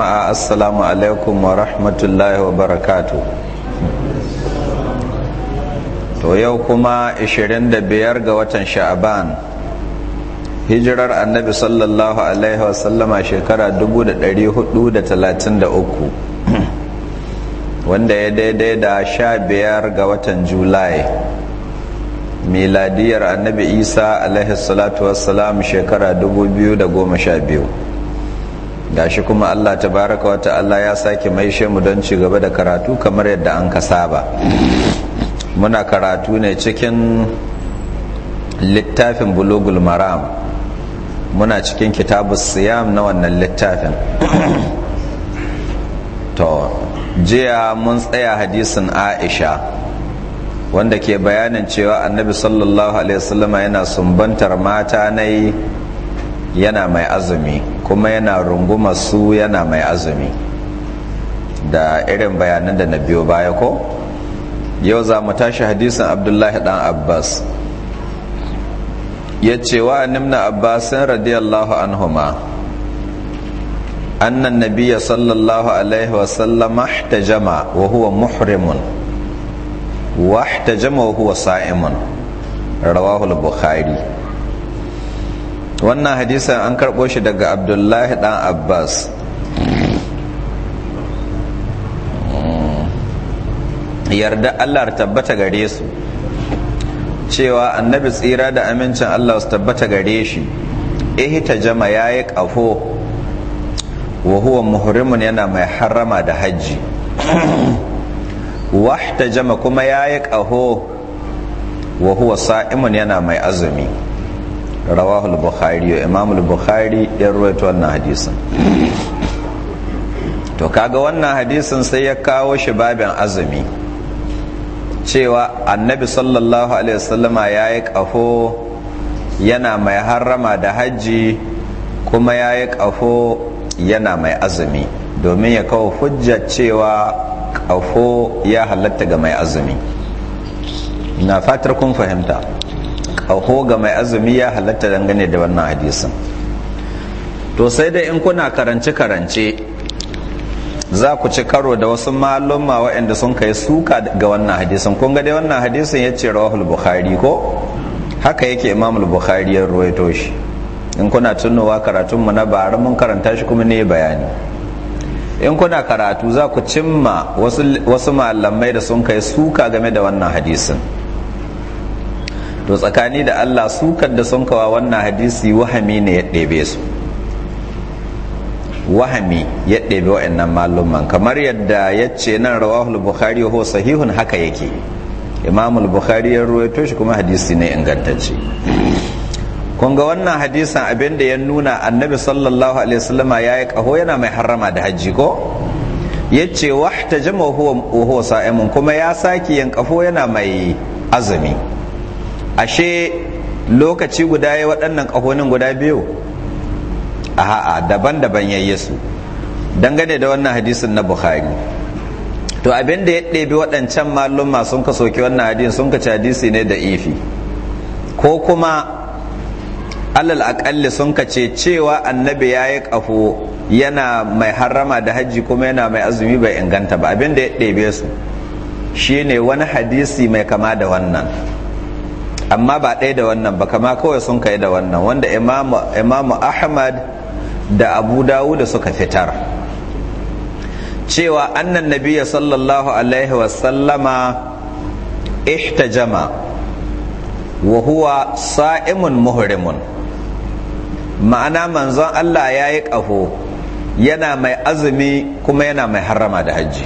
jama'a assalamu alaikum wa rahmatullahi wa barakatu to yau kuma 25 ga watan sha'aban hijirar annabi sallallahu alaihi wasallama shekara 1433 wanda ya daidai da 15 ga watan julai miladiyar annabi isa alaihi salatu wassalam shekara 2012 gashi kuma Allah ta baraka wata Allah ya sake mai mu don ci gaba da karatu kamar yadda an ka saba muna karatu ne cikin littafin bulugul maram muna cikin kitabu siyam na wannan littafin to jiya mun tsaya hadisin aisha wanda ke bayanin cewa annabi sallallahu alaihi wasallama yana sumbantar mata na yi yana mai azumi kuma yana runguma su yana mai azumi da irin bayanan da na biyo baya ko yau za mu tashi hadisin abdullahi dan abbas ya ce wa nimna abbasin radiyallahu anhuma annan nabiya sallallahu alaihi wasallam ahtajama wa huwa muhrimun wa ahtajama wa huwa sa'imun rawahul bukhari wannan hadisan an karɓo shi daga abdullahi ɗan abbas yarda allah tabbata gare su cewa annabi tsira da amincin allah su tabbata gare shi ta jama ya yi ƙafo wa huwa muhrimun yana mai harama da hajji wahta jama kuma ya yi ƙaho wa huwa sa'imun yana mai azumi rawahu al-bukhari imam al-bukhari ya ruwaito wannan hadisin to kaga wannan hadisin sai ya kawo shi babin azumi cewa annabi sallallahu alaihi wasallama ya yi kafo yana mai harrama da hajji kuma ya yi kafo yana mai azumi domin ya kawo hujja cewa kafo ya halatta ga mai azumi na fatar kun fahimta hauho ga mai azumi ya halatta dangane da wannan hadisin to sai dai in kuna karance-karance za ku ci karo da wasu malumma waɗanda sun kai suka ga wannan hadisin kun ga dai wannan hadisin ya ce rawahul bukhari ko haka yake imamul bukhari ya ruwaito shi in kuna tunowa karatunmu na bara mun karanta shi kuma ne bayani in kuna karatu za ku cimma wasu malamai da sun kai suka game da wannan hadisin to tsakani da Allah su da sun kawa wannan hadisi wahami ne ya ɗebe su wahami ya ɗebe wa'annan malumman kamar yadda ya ce nan rawahul bukhari ho sahihun haka yake imamul bukhari ya ruwaito shi kuma hadisi ne ingantacce Kunga wannan hadisan abin da ya nuna annabi sallallahu alaihi wasallama ya yi kaho yana mai harrama da hajji ko ya ce wahta jama'a huwa sa'imun kuma ya sake yin kaho yana mai azumi ashe lokaci guda ya waɗannan ƙahonin guda biyu a'a daban-daban ya yi su dangane da wannan hadisin na buhari to abin da ya ɗebi waɗancan malumma sun ka soki wannan hadisin sun ka ci hadisi ne da ifi ko kuma alal aƙalli sun ka ce cewa annabi ya yi ƙaho yana mai harama da hajji kuma yana mai azumi bai inganta ba abin da ya ɗebe su shine wani hadisi mai kama da wannan amma ba ɗaya da wannan ba kama kawai sun kai da wannan wanda imamu ahmad da abu da suka fitar cewa annan nabiya sallallahu alaihi wasallama ihtajama wa huwa sa'imun muhrimun ma'ana manzon Allah ya yi ƙaho yana mai azumi kuma yana mai harama da hajji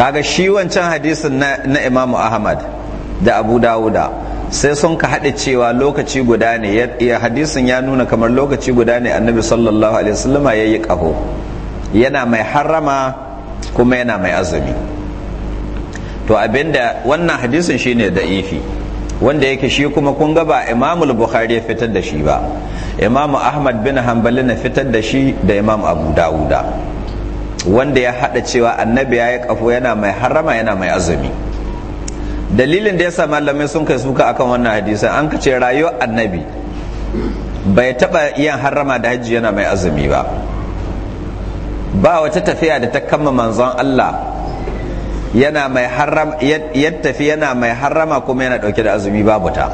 kaga shi wancan hadisin na imamu ahmad da abu dawuda sai sun ka haɗe cewa lokaci guda ne ya hadisin ya nuna kamar lokaci guda ne annabi sallallahu alaihi wasallama ya yi ƙaho yana mai harrama kuma yana mai azumi to abinda wannan hadisin shine da ifi wanda yake shi kuma kun gaba ba imamu bukhari ya fitar da shi ba imamu ahmad bin hanbali na fitar da shi da imamu abu dawuda wanda ya haɗa cewa annabi ya yi ƙafo yana mai harrama yana mai azumi dalilin da yasa malamai sun kai suka akan wannan hadisa an ce rayuwar annabi bai taba yin harama da hajji yana mai azumi ba ba wata tafiya da ta kama manzon Allah yana mai harama ya tafi yana mai harama kuma yana dauke da azumi babu ta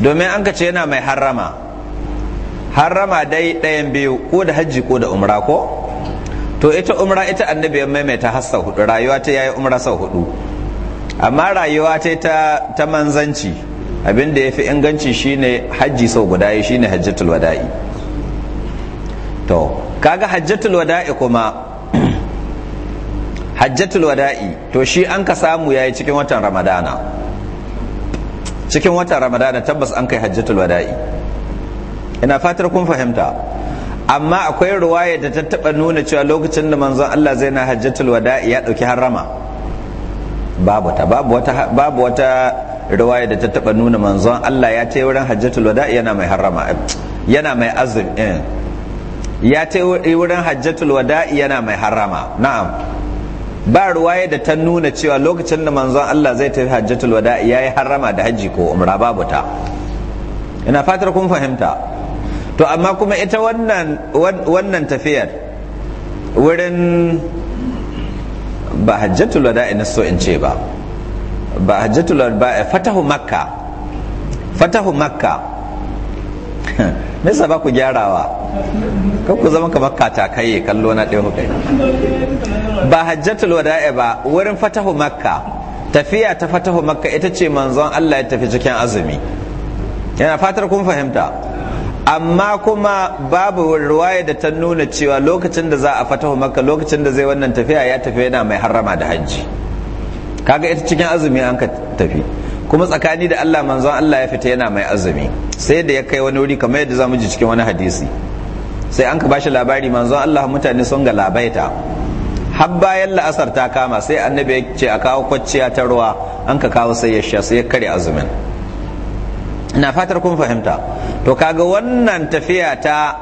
domin an ka ce yana mai harama harama dai ɗayan biyu ko da hajji ko da umra ko to ita umra ita annabi ya maimaita har sau hudu rayuwa ta yayi umra sau hudu amma rayuwa ta ta ta manzanci abin da fi inganci shine hajji sau guda yi ne hajjatul wada'i to kaga hajjatul wada'i kuma hajjatul wada'i to shi an ka samu yayi cikin watan ramadana cikin watan ramadana tabbas an kai hajjatul wada'i ina fatar kun fahimta amma akwai ruwaya da ta taba nuna cewa lokacin da manzon Allah zai na hajjatul wada'i ya dauki harama babu ta babu wata babu wata riwaya da ta taba nuna manzon Allah ya ce wurin hajjatul wada yana mai harama yana mai azumi eh. ya ce wurin hajjatul wada yana mai harama na'am ba ruwaya da ta nuna cewa lokacin da manzon Allah zai tafi hajjatul wada ya yi harama da hajji ko umra babu ta ina fatar kun fahimta to amma kuma ita wannan wannan tafiyar wurin ba hajjatul wada ina so in ce ba ba hajjatul wada fatahu makka fatahu makka nisa ba ku gyarawa kan ku zama kamar kata katakai kallo na ɗaya hukai ba hajjatul wada ba wurin fatahu makka tafiya ta fatahu makka ita ce manzon Allah ya tafi cikin azumi yana fatar kun fahimta amma kuma babu ruwaya da ta nuna cewa lokacin da za a fatahu maka, lokacin da zai wannan tafiya ya tafi yana mai harrama da hajji kaga ita cikin azumi an ka tafi kuma tsakani da Allah manzon Allah ya fita yana mai azumi sai da ya kai wani wuri kamar yadda zamu ji cikin wani hadisi sai an ka bashi labari manzon Allah mutane sun ga labaita har bayan la'asar ta kama sai annabi ya ce a kawo kwacciya ta ruwa an ka kawo sai ya sha sai ya kare azumin na fatar kun fahimta to kaga wannan tafiya ta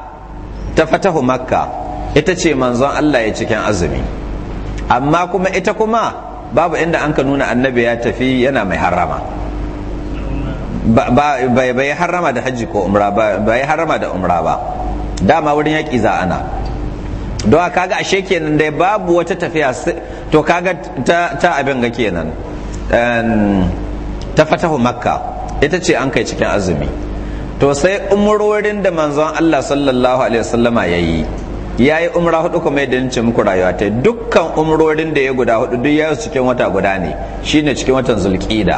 ta fatahu makka ita ce manzon Allah ya cikin azumi amma kuma ita kuma babu inda an ka nuna annabi ya tafi yana mai harama bai harama da hajji ko umra ba bai harama da umra ba dama wurin yaki za ana don kaga ashe kenan dai babu wata tafiya to kaga ta abin ga kenan ta fatahu makka ita ce an kai cikin azumi to sai umrorin da manzon Allah sallallahu alaihi wasallama yayi yayi umra hudu kuma yadda nace muku rayuwa ta dukkan umrorin da ya guda hudu duk yayi cikin wata guda ne shine cikin watan zulqida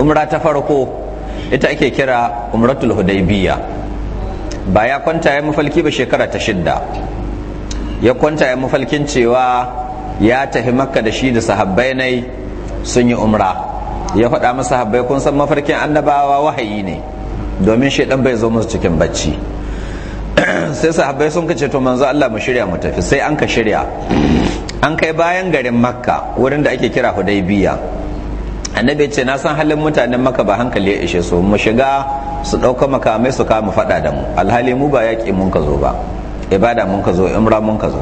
umra ta farko ita ake kira umratul hudaybiya ba ya kwanta ya mafalki ba shekara ta shidda ya kwanta ya mafalkin cewa ya tafi makka da shi da sahabbai nai sun yi umra ya faɗa masa habbai kun san mafarkin annabawa wahayi ne domin shaidan bai zo musu cikin bacci sai sahabbai sun kace to manzo Allah mu shirya mu tafi sai an ka shirya an kai bayan garin makka wurin da ake kira hudaybiya annabi ce na san halin mutanen makka ba hankali ya ishe su mu shiga su ɗauka makamai su kama faɗa da mu alhali mu ba yaƙi mun ka zo ba ibada mun ka zo imra mun ka zo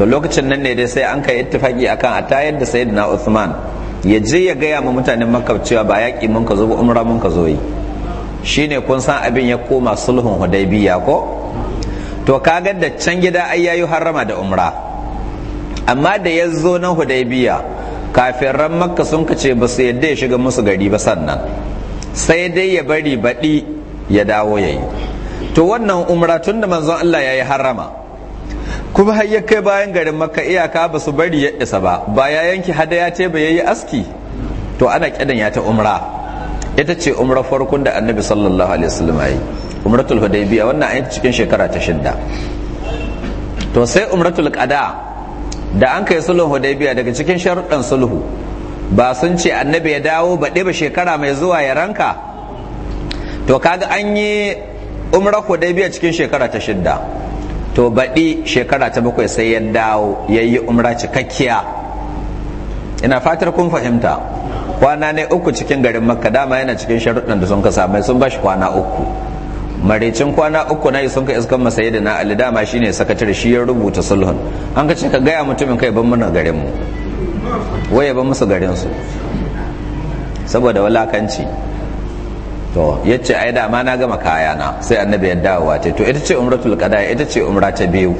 to lokacin nan ne dai sai an kai ittifaki akan a tayar da sayyidina Usman. ya je ya gaya ma mutanen makka cewa ba yaƙi mun ka zo ba umra mun ka zo yi shine kun san abin ya koma sulhun hudaybiya ko to kaga da can gida ai yayi harrama da umra amma da ya zo nan hudaybiya ran makka sun ce ba su yadda ya shiga musu gari ba sannan sai dai ya bari baɗi ya dawo yayi to wannan umra tun da manzon Allah ya yi harrama kuma har kai bayan garin maka iyaka ba su bari ya isa ba ba ya yanki hadaya ce ba yi aski to ana kidan ya ta umra ita ce umra farkon da annabi sallallahu alaihi wasallam yayi umratul hudaybiya wannan ayi cikin shekara ta shidda to sai umratul qada da an kai sulhun hudaybiya daga cikin sharuɗan sulhu ba sun ce annabi ya dawo baɗe ba shekara mai zuwa ya ranka to kaga an yi umra hudaybiya cikin shekara ta shidda to baɗi shekara ta bakwai sai ya dawo ya yi umra cikakkiya ina fatar kun fahimta kwana ne uku cikin garin makka dama yana cikin sharuɗin da sun kasa mai sun ba kwana uku maricin kwana uku na sun ka iskan masa yadda na ali dama shine sakatare shi ya rubuta sulhun an ka ce ka gaya mutumin kai ban muna garin mu waye ban musu garinsu? saboda walakanci to yace ai da ma na gama kaya na sai annabi ya dawowa ce to ita ce umratul qada ita ce umra ta biyu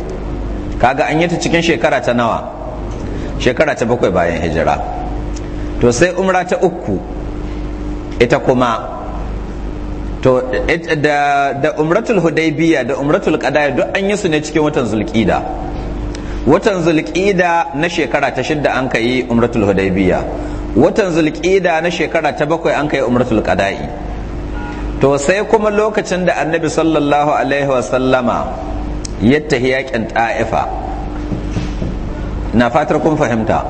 kaga an yi ta cikin shekara ta nawa shekara ta bakwai bayan hijira to sai umra ta uku ita kuma to da da umratul hudaybiya da umratul qada duk an yi su ne cikin watan zulqida watan zulqida na shekara ta shidda an kai umratul hudaybiya watan zulqida na shekara ta bakwai an kai umratul qada'i to sai kuma lokacin da annabi sallallahu alaihi wasallama ya tafi yakin ta'ifa na fatar kun fahimta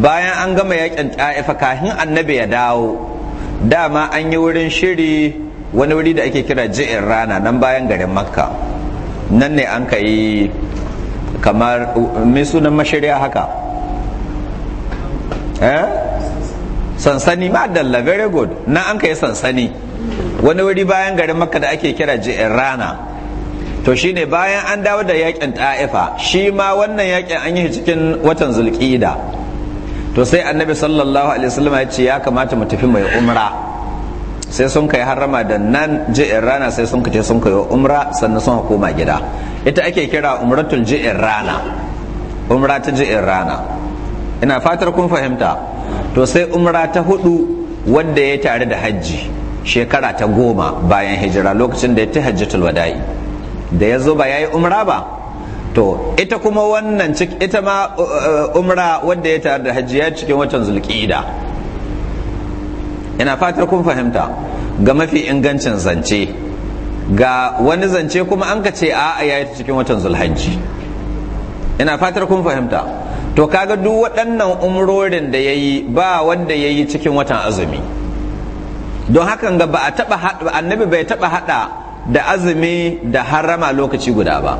bayan an gama yakin ta'ifa kafin annabi ya dawo dama an yi wurin shiri wani wuri da ake kira ji'in rana nan bayan garin makka nan ne an ka yi kamar mai sunan mashirya haka eh sansani ma very good na an ka yi sansani wani wuri bayan garin makka da ake kira rana to shine bayan an dawo da yakin ta'ifa shi ma wannan yakin an yi cikin watan zulqida to sai annabi sallallahu alaihi wasallam ya ce ya kamata mu tafi mai umra sai sun kai harama da nan ji'in rana sai sun kace sun kai umra sannan sun koma gida ita ake kira umratul ji'in rana umra ta ji'in rana ina fatar kun fahimta to sai umra ta hudu wanda ya tare da hajji shekara ta goma bayan hijira lokacin da ya ta hajjatul wada'i da ya zo ba ya yi umra ba to ita kuma wannan ita ma uh, uh, umra wadda ya tare da hajjiya cikin watan zulƙida ina fatar kun fahimta ga mafi ingancin zance ga wani zance kuma an ka ce a ya yi cikin watan zulhajji ina fatar kun fahimta to kaga duk waɗannan umrorin da ya yi ba wanda ya yi cikin watan azumi don hakan ga ba a taba annabi bai taba hada da azumi da harama lokaci guda ba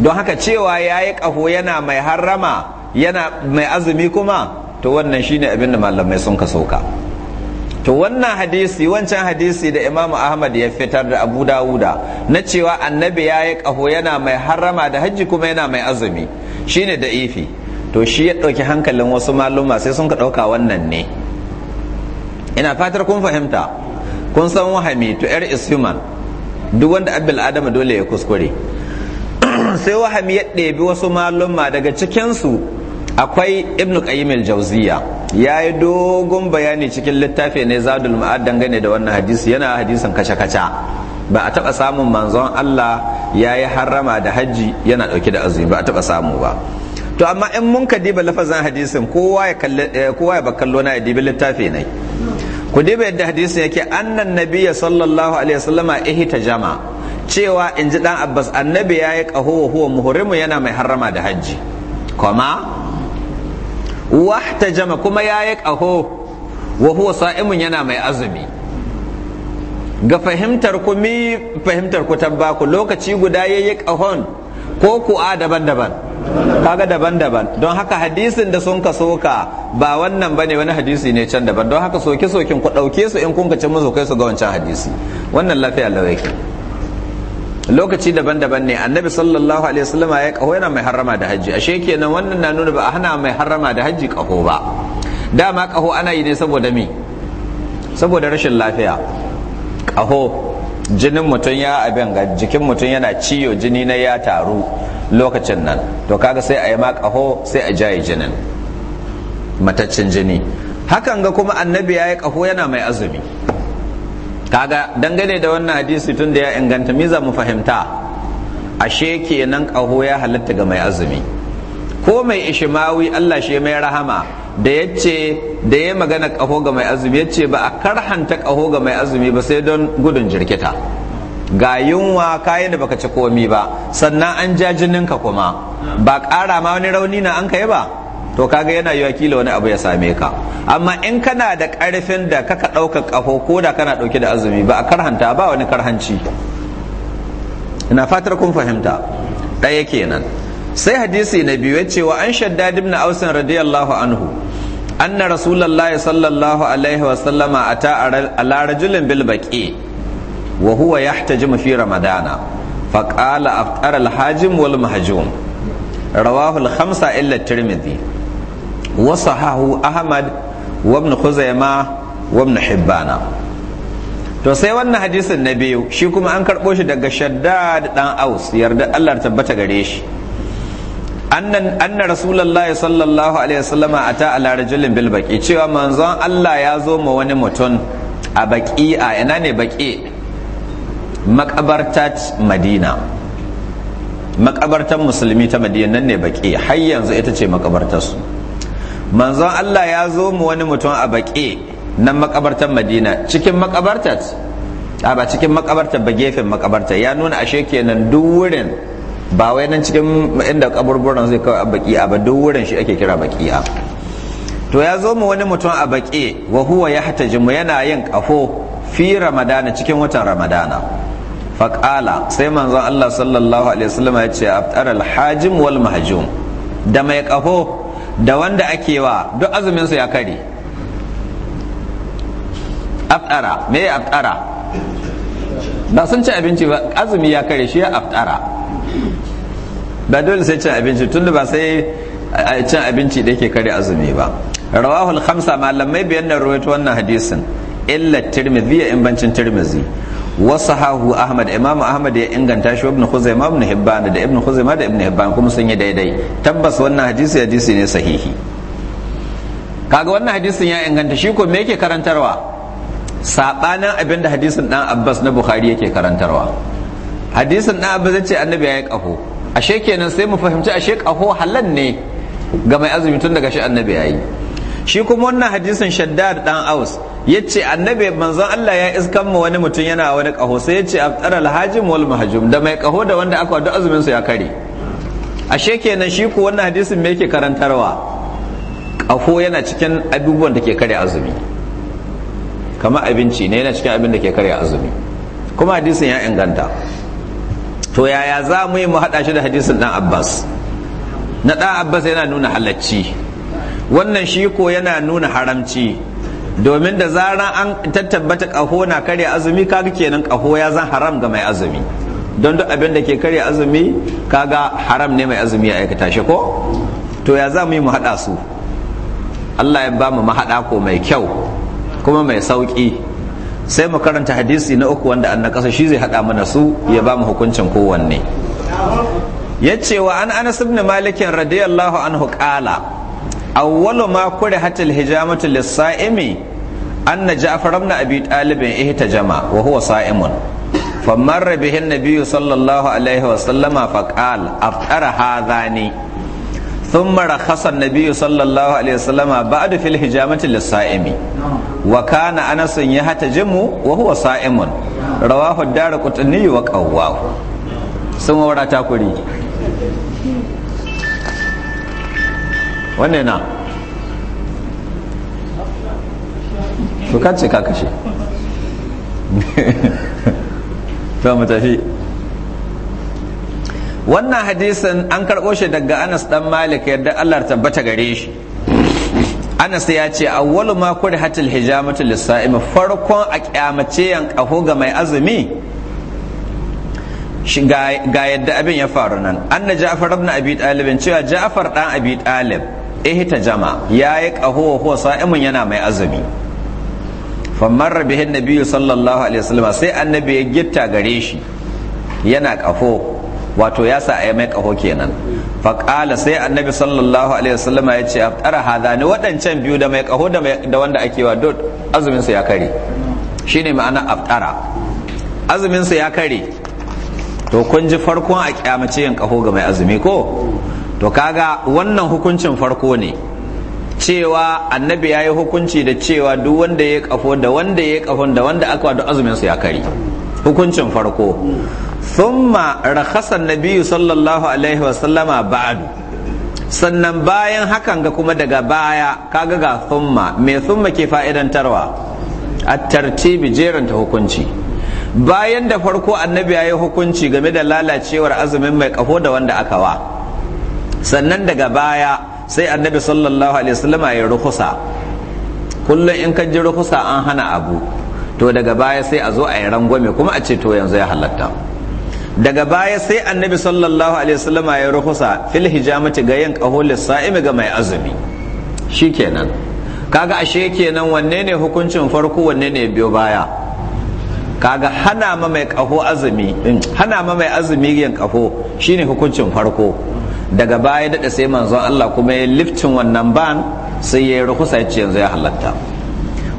don haka cewa ya yi kaho yana mai harama, yana mai azumi kuma to wannan shine abin da malamai sun ka sauka to wannan hadisi wancan hadisi da imamu ahmad ya fitar da abu dawuda na cewa annabi ya yi ƙaho yana mai harama da hajji kuma yana mai azumi shine da ifi to shi ya ɗauki hankalin wasu maluma sai sun ka ɗauka wannan ne ina fatar kun fahimta kun san wahami to er is human duk wanda abul adam dole ya kuskure sai wahami ya ɗebi wasu malumma daga cikinsu akwai ibn qayyim al-jawziya ya yi dogon bayani cikin littafi ne zadul ma'ad dangane da wannan hadisi yana hadisin kaca-kaca ba a taba samun manzon Allah ya yi harrama da hajji yana dauke da azumi ba a taba samu ba to amma in mun ka diba lafazin hadisin kowa ya eh, kowa ya bakallo na ya dibi littafi ne ku diba yadda hadisin yake annan nabiyya sallallahu alaihi wasallama jama. cewa in ji dan abbas annabi ya yi kaho wa huwa muhrimu yana mai harrama da hajji kuma jama kuma ya yi kaho wa huwa sa'imun yana mai azumi ga fahimtar ku mi fahimtar ku tabbaku lokaci guda ya yi kahon ko ku a daban-daban kaga daban-daban don haka hadisin da sun ka soka ba wannan bane wani hadisi ne can daban don haka soke sokin ku dauke su in kun ka ci musu kai su ga wancan hadisi wannan lafiya lawa yake lokaci daban-daban ne annabi sallallahu alaihi wasallama ya kaho yana mai harrama da haji ashe kenan wannan na nuna ba a hana mai harrama da haji kaho ba dama kaho ana yi ne saboda me saboda rashin lafiya kaho jinin mutum ya abin ga jikin mutum yana ciyo jini na ya taru lokacin nan to kaga sai a yi makaho sai a jaye jinin mataccin jini hakan ga kuma annabi ya yi kaho yana mai azumi kaga dangane da wannan hadisi tun da ya inganta mi za mu fahimta ashe kenan kaho ya halatta ga mai azumi ko mai ishimawi Allah shi mai rahama da ya ce da ya magana ƙaho ga mai azumi ya ce ba a karhanta ƙaho ga mai azumi ba sai don gudun jirkita ga yunwa kayan da baka ci komi ba sannan an ja jininka kuma ba ƙara ma wani rauni na an kai ba to kaga yana yiwa kila wani abu ya same ka amma in kana da ƙarfin da kaka ɗauka ƙaho ko da kana ɗauke da azumi ba a karhanta ba wani karhanci ina fatar kun fahimta ɗaya kenan sai hadisi na biyu ce wa an shaddad ibn aus radiyallahu anhu anna rasulullahi sallallahu alaihi wa sallama ata ala rajulin bil baqi wa huwa yahtajimu fi ramadana فقال أفطر الحاجم والمهجوم رواه الخمسة إلا ahmad وصححه أحمد وابن خزيمة وابن حبان to sai wannan hadisin na biyu shi kuma an karɓo shi daga shaddad dan aus yarda Allah tabbata gare shi annan anna rasulullahi sallallahu alaihi wasallama ata ala rajulin bil baqi cewa manzon Allah ya zo ma wani mutum a baqi a ina ne baqi makabartat madina makabartan musulmi ta madina nan ne baqi har yanzu ita ce makabartar su manzon Allah ya zo mu wani mutum a baqi nan makabartan madina cikin makabartat a ba cikin makabartar ba gefen makabartar ya nuna ashe kenan duk wurin ba wai nan cikin inda kaburburan zai kawai a baki'a ba duk wurin shi ake kira baki'a to ya zo mu wani mutum a baki wa huwa ya jimu yana yin ƙaho fi ramadana cikin watan ramadana faƙala sai manzon Allah sallallahu alaihi wasallam ya ce aftar alhajim wal mahjum da mai ƙaho da wanda ake wa duk azumin ya kare aftara me ya aftara ba sun ci abinci ba azumi ya kare shi ya aftara ba dole sai cin abinci tunda ba sai cin abinci da yake kare azumi ba rawahul khamsa malamai biyan nan rawaito wannan hadisin illa tirmidhi ya imbancin tirmidhi wasu hahu ahmad imamu ahmad ya inganta shi ibn khuzaima ibn hibban da ibn khuzaima da ibn hibban kuma sun yi daidai tabbas wannan hadisi hadisi ne sahihi kaga wannan hadisin ya inganta shi ko me yake karantarwa sabanin abin da hadisin dan abbas na bukhari yake karantarwa hadisin dan abbas ya ce annabi ya yi kafo ashe kenan sai mu fahimci ashe kaho halan ne ga mai azumi tun daga shi annabi ya yi shi kuma wannan hadisin shaddad dan aus ya ce annabi manzon Allah ya iskan mu wani mutum yana wani kaho sai ya ce aftaral hajim wal mahjum da mai kaho da wanda aka wada azumin su ya kare ashe kenan shi ku wannan hadisin me yake karantarwa kaho yana cikin abubuwan da ke kare azumi kamar abinci ne yana cikin abin da ke kare azumi kuma hadisin ya inganta to yaya za mu yi mu haɗa shi da hadisin ɗan abbas na ɗan abbas yana nuna halacci wannan shi ko yana nuna haramci domin da zaran an tattabbata ƙaho na karya azumi kaga kenan ƙaho ya zan haram ga mai azumi don duk abin da ke karya azumi kaga haram ne mai azumi ya aikata shi ko to ya za mu yi mu haɗa su Allah ya ba mu mahaɗa ko mai kyau kuma mai sauƙi sai mu karanta hadisi na uku wanda an kasa shi zai haɗa mana su ya ba mu hukuncin kowanne ya ce wa an anas ibn malikin radiyallahu anhu qala awwalu ma kurihat alhijamatu lis-sa'imi anna ja'far ibn abi talib ihtajama wa huwa sa'imun famarra bihi an-nabiy sallallahu alaihi wa sallama faqala afara hadhani ثم رخص النبي صلى الله عليه وسلم بعد في الحجامة للصائم وكان أنس يهتجم وهو صائم رواه الدار قطني وقواه ثم ورا تاكوري wannan na to kan ce ka kashe to mu tafi wannan hadisin an karɓo shi daga anas ɗan malik yadda allah tabbata gare shi anas ya ce awwalu ma hatil hijamatu lissa'im farkon a kyamace yan kaho ga mai azumi ga yadda abin ya faru nan anna ja'far ibn abi talib cewa ja'far dan abi talib ta jama Ya yayi kaho ho sa'imun yana mai azumi famar bihi nabi sallallahu alaihi wasallam sai annabi ya gitta gare shi yana kaho wato ya sa yi mai kaho kenan faƙala sai annabi sallallahu alaihi wasallama ya ce aftara haza ne waɗancan biyu da mai kaho da wanda ake wa dot azumin su ya kare ne ma'ana aftara azumin su ya kare to kun ji farkon a kyamace yin kaho ga mai azumi ko to kaga wannan hukuncin farko ne cewa annabi ya yi hukunci da cewa duk wanda ya kafo da wanda ya kafon da wanda aka wa azumin su ya kare hukuncin farko thumma rakhasan nabiyyu sallallahu alaihi wasallama ba'du sannan bayan hakan ga kuma daga baya kaga ga thumma me thumma ke fa'idantarwa at tartibi ta hukunci bayan da farko annabi ya yi hukunci game da lalacewar azumin mai kaho da wanda aka wa sannan daga baya sai annabi sallallahu alaihi wasallama ya rukusa kullum in ka ji rukusa an hana abu to daga baya sai a zo a yi rangwame kuma a ce to yanzu ya halatta daga baya sai annabi sallallahu alaihi wasallama ya ruhusa fil hijamati ga yin qahul sa'imi ga mai azumi shikenan kaga ashe kenan wanne ne hukuncin farko wanne ne biyo baya kaga hana ma mai kaho azumi hana ma mai azumi yin qaho shine hukuncin farko daga baya da sai manzon Allah kuma ya liftin wannan ban sai ya ruhusa ya ce yanzu ya halatta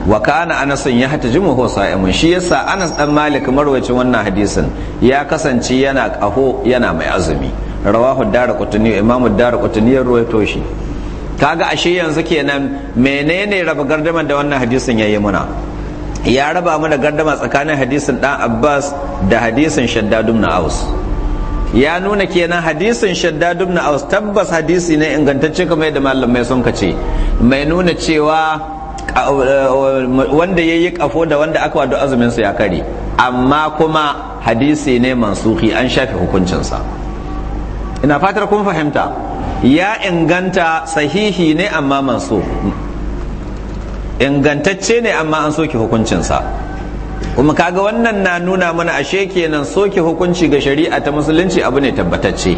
wa kana anas ya jimu ho sa'imun shi yasa anas dan malik marwacin wannan hadisin ya kasance yana qaho yana mai azumi rawahu darqutni imamu darqutni ya ruwaito shi kaga ashe yanzu kenan menene raba gardama da wannan hadisin yayi muna ya raba mana gardama tsakanin hadisin dan abbas da hadisin shaddadun na aus ya nuna kenan hadisin shaddadun na aus tabbas hadisi ne ingantacce kamar yadda malamai sun kace mai nuna cewa wanda ya yi kafo da wanda aka wado azumin su ya kare amma kuma hadisi ne mansuhi an shafe hukuncinsa ina fatar kun fahimta ya inganta sahihi ne amma manso ingantacce ne amma an soke hukuncinsa kuma kaga wannan na nuna mana ashe kenan soke hukunci ga shari'a ta musulunci abu ne tabbatacce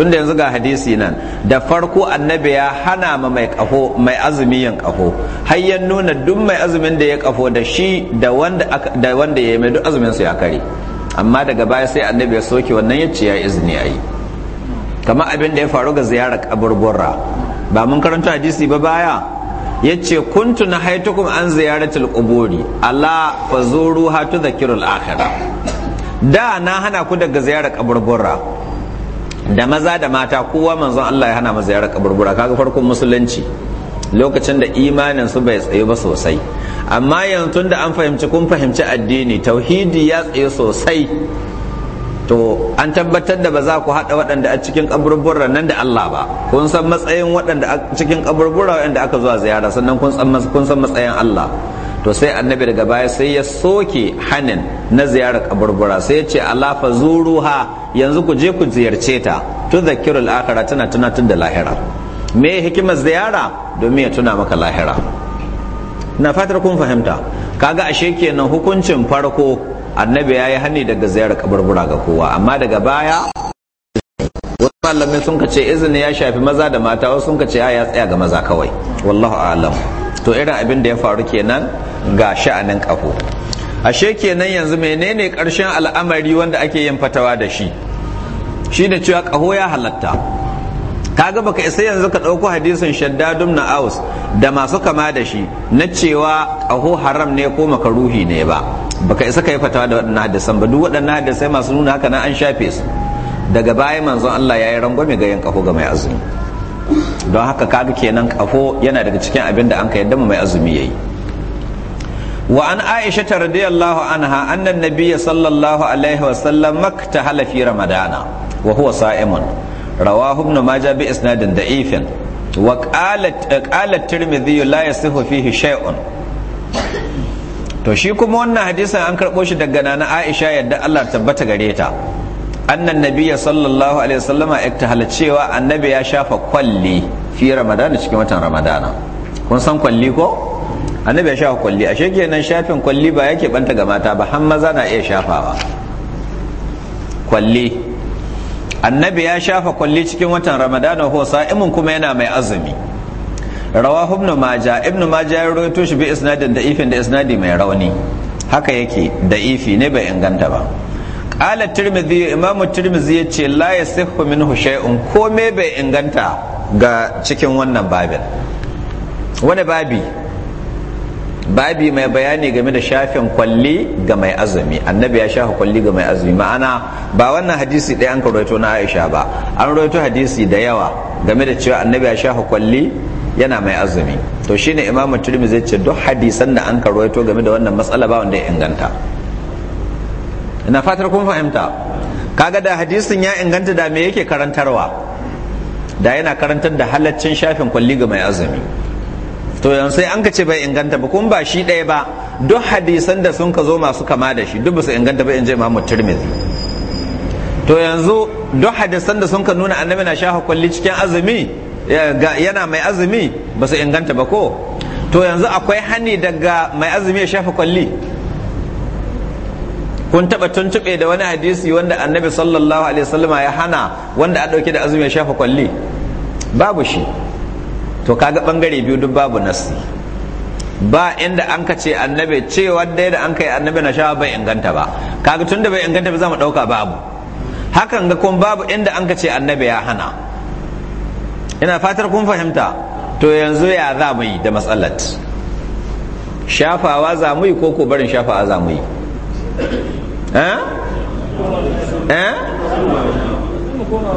tunda yanzu ga hadisi nan da farko annabi ya hana ma mai kafo mai azumi yin kafo hayyan nuna duk mai azumin da ya kafo da shi da wanda da wanda ya mai duk azumin su ya kare amma daga baya sai annabi ya soke wannan ya ce ya izini yi. kamar abin da ya faru ga ziyarar kaburbura ba mun karanta hadisi ba baya ya ce kuntu na haitukum an ziyaratul quburi ala fazuru hatu zakirul akhirah da na hana ku daga ziyarar kaburbura da maza da mata kowa manzon Allah ya hana maza yarar kaburbura kaga farkon musulunci lokacin da imanin su bai tsayu ba sosai amma yanzu da an fahimci kun fahimci addini tauhidi ya tsaye sosai to an tabbatar da ba za ku haɗa waɗanda a cikin kaburbura nan da Allah ba kun san matsayin waɗanda a cikin kaburbura waɗanda aka zuwa ziyara sannan kun san matsayin Allah to sai annabi daga baya sai ya soke hanin na ziyarar kaburbura sai ya ce Allah fa zuruha yanzu ku je ku ziyarce ta tun zakirul akhirah tana tunatun da lahira me hikimar ziyara domin ya tuna maka lahira na fatar kun fahimta kaga ashe kenan hukuncin farko annabi yayi hani daga ziyarar kaburbura ga kowa amma daga baya wasu malamai sun ka izini ya shafi maza da mata wasu sun ka ce ya tsaya ga maza kawai wallahu a'lam to irin abin da ya faru kenan ga sha'anin ƙaho ashe kenan yanzu menene ƙarshen al'amari wanda ake yin fatawa da shi shi da cewa ƙaho ya halatta kaga baka isa yanzu ka ɗauko hadisin shaddadun na aus da masu kama da shi na cewa ƙaho haram ne ko makaruhi ne ba baka isa ka yi fatawa da waɗannan hadisan ba duk waɗannan hadisai masu nuna haka na an shafe su daga baya manzon Allah ya yi rangwame ga yin ƙaho ga mai azumi don haka kaga kenan kafo yana daga cikin abin da an ka yadda mai azumi yayi wa an aisha ta radiyallahu anha annan nabiyya sallallahu alaihi wa sallam makta halafi ramadana wa huwa sa'imun rawahu ibn majah bi isnadin da'ifin wa qalat qalat tirmidhi la yasihu fihi shay'un to shi kuma wannan hadisin an karbo shi daga nana aisha yadda Allah tabbata gare ta annan Nabiya sallallahu alaihi wasallama iktahala cewa annabi ya shafa kwalli fi ramadana cikin watan ramadana kun san kwalli ko annabi ya shafa kwalli ashe kenan shafin kwalli ba yake banta ga mata ba har maza na iya shafawa kwalli annabi ya shafa kwalli cikin watan ramadana ko sa'imin kuma yana mai azumi rawahu ibn majah ibn majah ya rawaito shi bi isnadin da ifin da isnadi mai rauni haka yake da ifi ne bai inganta ba ala tirmidhi imamu tirmidhi ya ce la ya siffa minhu shay'un komai bai inganta ga cikin wannan babin wani babi babi mai bayani game da shafin kwalli ga mai azumi annabi ya shafa kwalli ga mai azumi ma'ana ba wannan hadisi ɗaya an rawaito na aisha ba an roito hadisi da yawa game da cewa annabi ya shafa kwalli yana mai azumi to shine imamu turmi zai ce duk hadisan da an rawaito game da wannan matsala ba wanda ya inganta ina fatar kun fahimta kaga da hadisin ya inganta da me yake karantarwa da yana karantar da halaccin shafin kwalli ga mai azumi to yanzu sai an ka ce bai inganta ba kun ba shi ɗaya ba duk hadisan da sun ka zo masu kama da shi duk ba su inganta ba in je Imam Tirmidhi to yanzu duk hadisan da sun ka nuna annabi na shafa kwalli cikin azumi yana mai azumi ba su inganta ba ko to yanzu akwai hani daga mai azumi ya shafa kwalli kun taba tuntube da wani hadisi wanda annabi sallallahu alaihi wasallama ya hana wanda a dauke da azumi ya shafa kwalli babu shi to kaga bangare biyu duk babu nasi ba inda an ka ce annabi cewa dai da an kai annabi na shafa bai inganta ba kaga tunda bai inganta ba za mu dauka babu hakan ga kun babu inda an ka ce annabi ya hana ina fatar kun fahimta to yanzu ya za mu yi da matsalat shafawa za mu yi ko ko barin shafawa za mu yi Eh? Eh?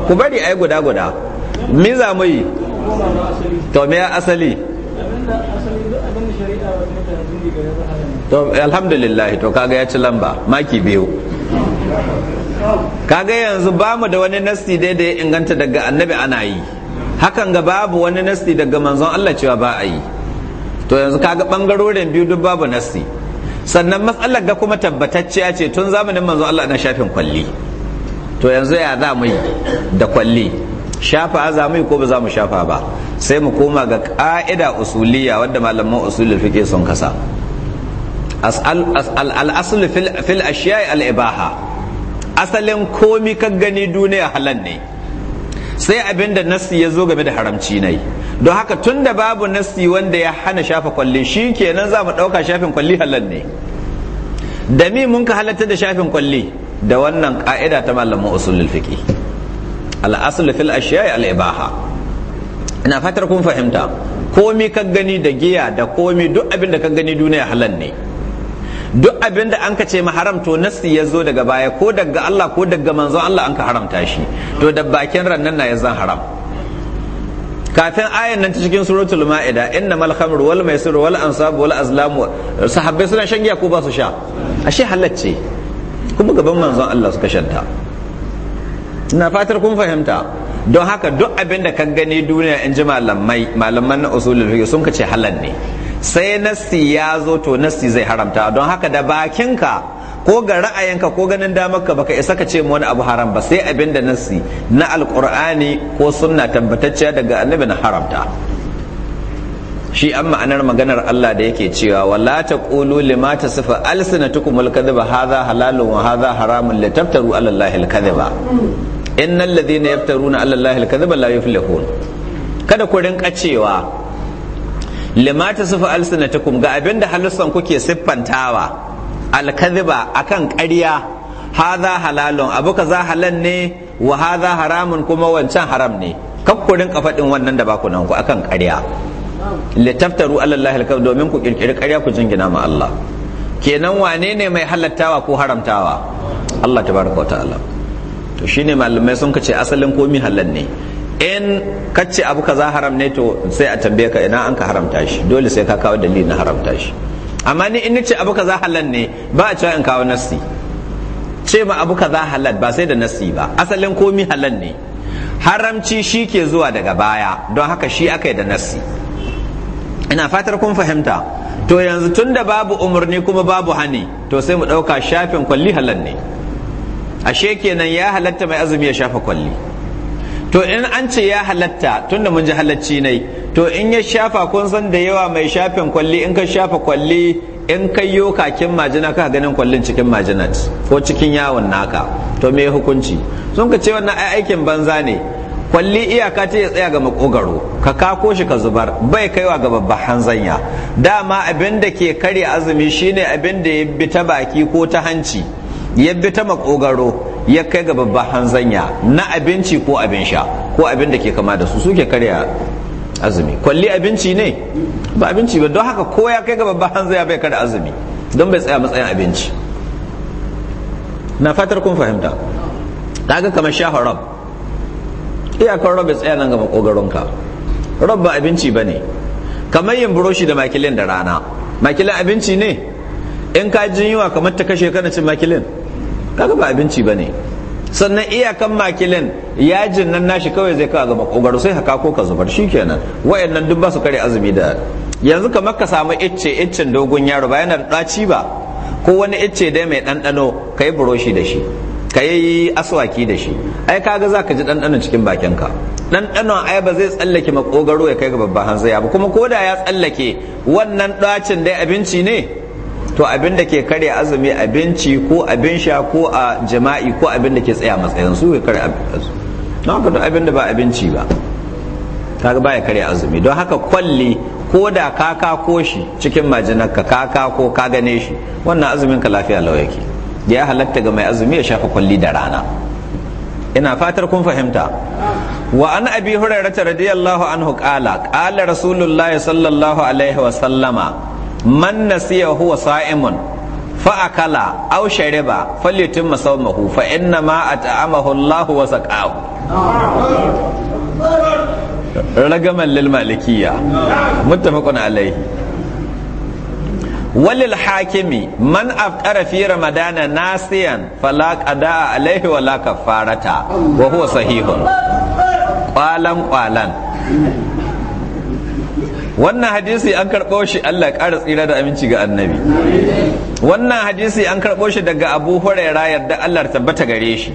ku bari yi guda guda mi za mu yi to me asali to alhamdulillah to kaga ya ci lamba maki biyu kaga yanzu ba mu da wani nasti dai da ya inganta daga annabi ana yi hakan ga babu wani nasti daga manzon Allah cewa ba a yi to yanzu kaga bangarorin biyu duk babu nasti sannan matsalar ga kuma tabbatacciya ce tun zamanin manzo Allah na shafin kwalli to yanzu ya za mu da kwalli shafa za mu ko ba za mu shafa ba sai mu koma ga ka'ida usuliya wadda malaman usulul ke sun kasa al-asl fil ashiya al-ibaha asalin komi ka gani duniya halal ne sai abin da nassi ya zo game da haramci nai don haka tun da babu nassi wanda ya hana shafa kwalli shi kenan za mu ɗauka shafin kwalli halal ne da mi mun ka halatta da shafin kwalli da wannan ka'ida ta malamin usulul fiqi al asl fil ashiya'i al ibaha ina fatar kun fahimta komi ka gani da giya da komi duk abin da ka gani duniya halal ne duk abin da an ka ce maharam to nasi ya zo daga baya ko daga Allah ko daga manzon Allah an ka haramta shi to da bakin rannan na ya zan haram kafin ayan nan cikin suratul ma'ida inna mal khamr wal maisir wal ansab wal azlam sahabbai suna shan giya ko ba su sha ashe halacce kuma gaban manzon Allah suka shanta ina fatar kun fahimta don haka duk abin da kan gani duniya in ji malamai malaman na usulul fiqh sun ce halal ne sai nasti ya zo to nasti zai haramta don haka da bakinka ko ga ra'ayinka ko ganin damarka baka isa ka ce mu wani abu haram ba sai abin da nasti na alkur'ani ko sunna tabbatacciya daga annabi na haramta shi an ma'anar maganar Allah da yake cewa wala qulu lima tasifa alsinatukum alkadhiba hadha halalun wa hadha haramun litaftaru ala allahi alkadhiba innal ladhina yaftaruna ala allahi alkadhiba la yuflihun kada ku rinka cewa limata sufa alsinatakum ga abin da halussan kuke siffantawa alkaziba akan ƙarya haza halalun abu kaza halal ne wa haza haramun kuma wancan haram ne kakkurin kafaɗin wannan da baku nan ku akan ƙarya litaftaru alallahi alkab domin ku kirkiri ƙarya ku jingina ma Allah kenan wane ne mai halattawa ko haramtawa Allah tabaraka wa ta'ala to shine malamai sun kace asalin komi halal ne in kace abu kaza haram ne to sai a tambaye ka ina an ka haramta shi dole sai ka kawo dalili na haramta shi amma ni in nace abu kaza halal ne ba a cewa in kawo nassi ce ma abu kaza halal ba sai da nassi ba asalin komi halal ne haramci shi ke zuwa daga baya don haka shi aka yi da nassi ina fatar kun fahimta to yanzu tun da babu umarni kuma babu hani to sai mu ɗauka shafin kwalli halal ne ashe kenan ya halatta mai azumi ya shafa kwalli to in an ce ya halatta tunda mun ji halacci ne to in ya shafa kun san da yawa mai shafin kwalli in ka shafa kwalli in kai yo kakin majina ka ganin kwallin cikin majinat ko cikin yawon naka to me hukunci sun ka ce wannan ai aikin banza ne kwalli iyaka ta ya tsaya ga makogaro ka kako shi ka zubar bai kaiwa ga babban hanzanya dama abin da ke karya azumi shine abin da ya bi ta baki ko ta hanci ya bi ta makogaro ya kai ga babban hanzanya na abinci ko abin sha ko abin da ke kama da su suke karya azumi kwalli abinci ne ba abinci ba don haka ko ya kai ga babban hanzanya bai karya azumi don bai tsaya matsayin abinci na fatar kun fahimta kaga kamar sha harab iyakar rab bai tsaya nan ga makogaronka rab ba abinci ba ne kamar yin buroshi da makilin da rana makilin abinci ne in ka jin yiwa kamar ta kashe kana cin makilin kaga ba abinci ba ne sannan iyakan makilin yajin nan nashi kawai zai kawo gaba kogaro sai haka ko ka zubar shi kenan wayannan duk ba su kare azumi da yanzu kamar ka samu icce iccen dogon yaro ba yana da ɗaci ba ko wani icce dai mai ɗanɗano ka yi buroshi da shi ka yi aswaki da shi ai kaga za ka ji ɗanɗanon cikin bakin bakinka ɗanɗanon ai ba zai tsallake makogaro ya kai ga babban hanzaya ba kuma ko da ya tsallake wannan ɗacin dai abinci ne to abin da ke karya azumi abinci ko abin sha ko a jima'i ko abin da ke tsaya matsayin su ke karya azumi don haka abin da ba abinci ba ta kaga baya karya azumi don haka kwalli ko da ka kako shi cikin majinarka ka kako ka gane shi wannan azumin ka lafiya lau yake da ya halatta ga mai azumi ya shafa kwalli da rana ina fatar kun fahimta wa an abi hurairah radiyallahu anhu qala qala rasulullahi sallallahu alaihi wa sallama man nasiya huwa sa'imun fa akala aw shariba falyutim masawmahu fa inna ma at'amahu Allah wa saqahu ragaman lil malikiyya muttafaqun alayhi walil hakimi man afqara fi ramadana nasiyan fala qada alaihi wala kafarata wa huwa sahihun qalan qalan wannan hadisi an karɓo shi Allah ƙara tsira da aminci ga annabi wannan hadisi an karɓo shi daga abu huraira yadda Allah tabbata gare shi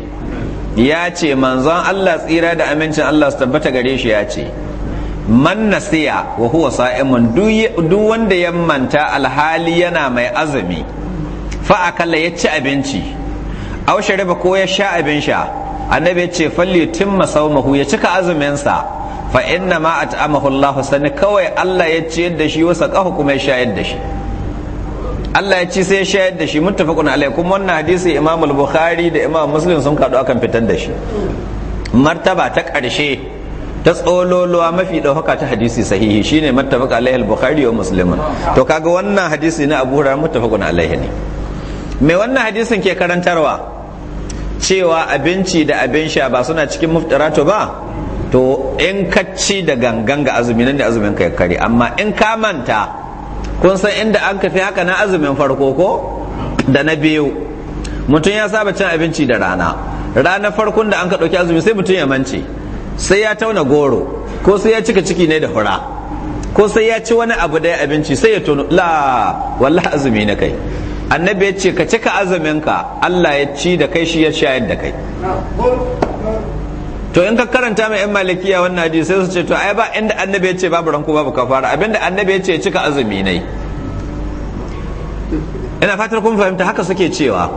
ya ce manzon Allah tsira da amincin Allah su tabbata gare shi ya ce man nasiya wa huwa sa'imun duk wanda ya manta alhali yana mai azumi fa akalla ya ci abinci aw shariba ko ya sha abin sha annabi ya ce falli timma saumahu ya cika azuminsa. fa inna ma at'amahu Allah sani kawai Allah ya ciyar da shi wasa kahu kuma ya shayar da shi Allah ya ci sai ya shayar da shi muttafaqun alayhi kuma wannan hadisi Imam al-Bukhari da Imam Muslim sun kadu akan fitar da shi martaba ta ƙarshe ta tsololuwa mafi ɗaukaka ta hadisi sahihi shine muttafaq alayhi al-Bukhari wa Muslim to kaga wannan hadisi na Abu Hurairah muttafaqun alayhi ne me wannan hadisin ke karantarwa cewa abinci da abin sha ba suna cikin muftiratu ba to in ka ci da gangan ga azumi nan da azumin ka kare amma in ka manta kun san inda an fi haka na azumin farko ko da na biyu mutum ya saba cin abinci da rana ranar farkon da an ka ɗauki azumi sai mutum ya mance sai ya tauna goro ko sai ya cika ciki ne da fura ko sai ya ci wani abu da abinci sai ya tono la wallahi azumi na kai annabi ya ce ka cika azumin ka Allah ya ci da kai shi ya shayar da kai to in ka karanta mai yan malikiya wannan hadisi sai su ce to ai ba inda annabi ya ce babu ranko babu kafara abinda annabi ya ce cika azumi ne ina fatar kun fahimta haka suke cewa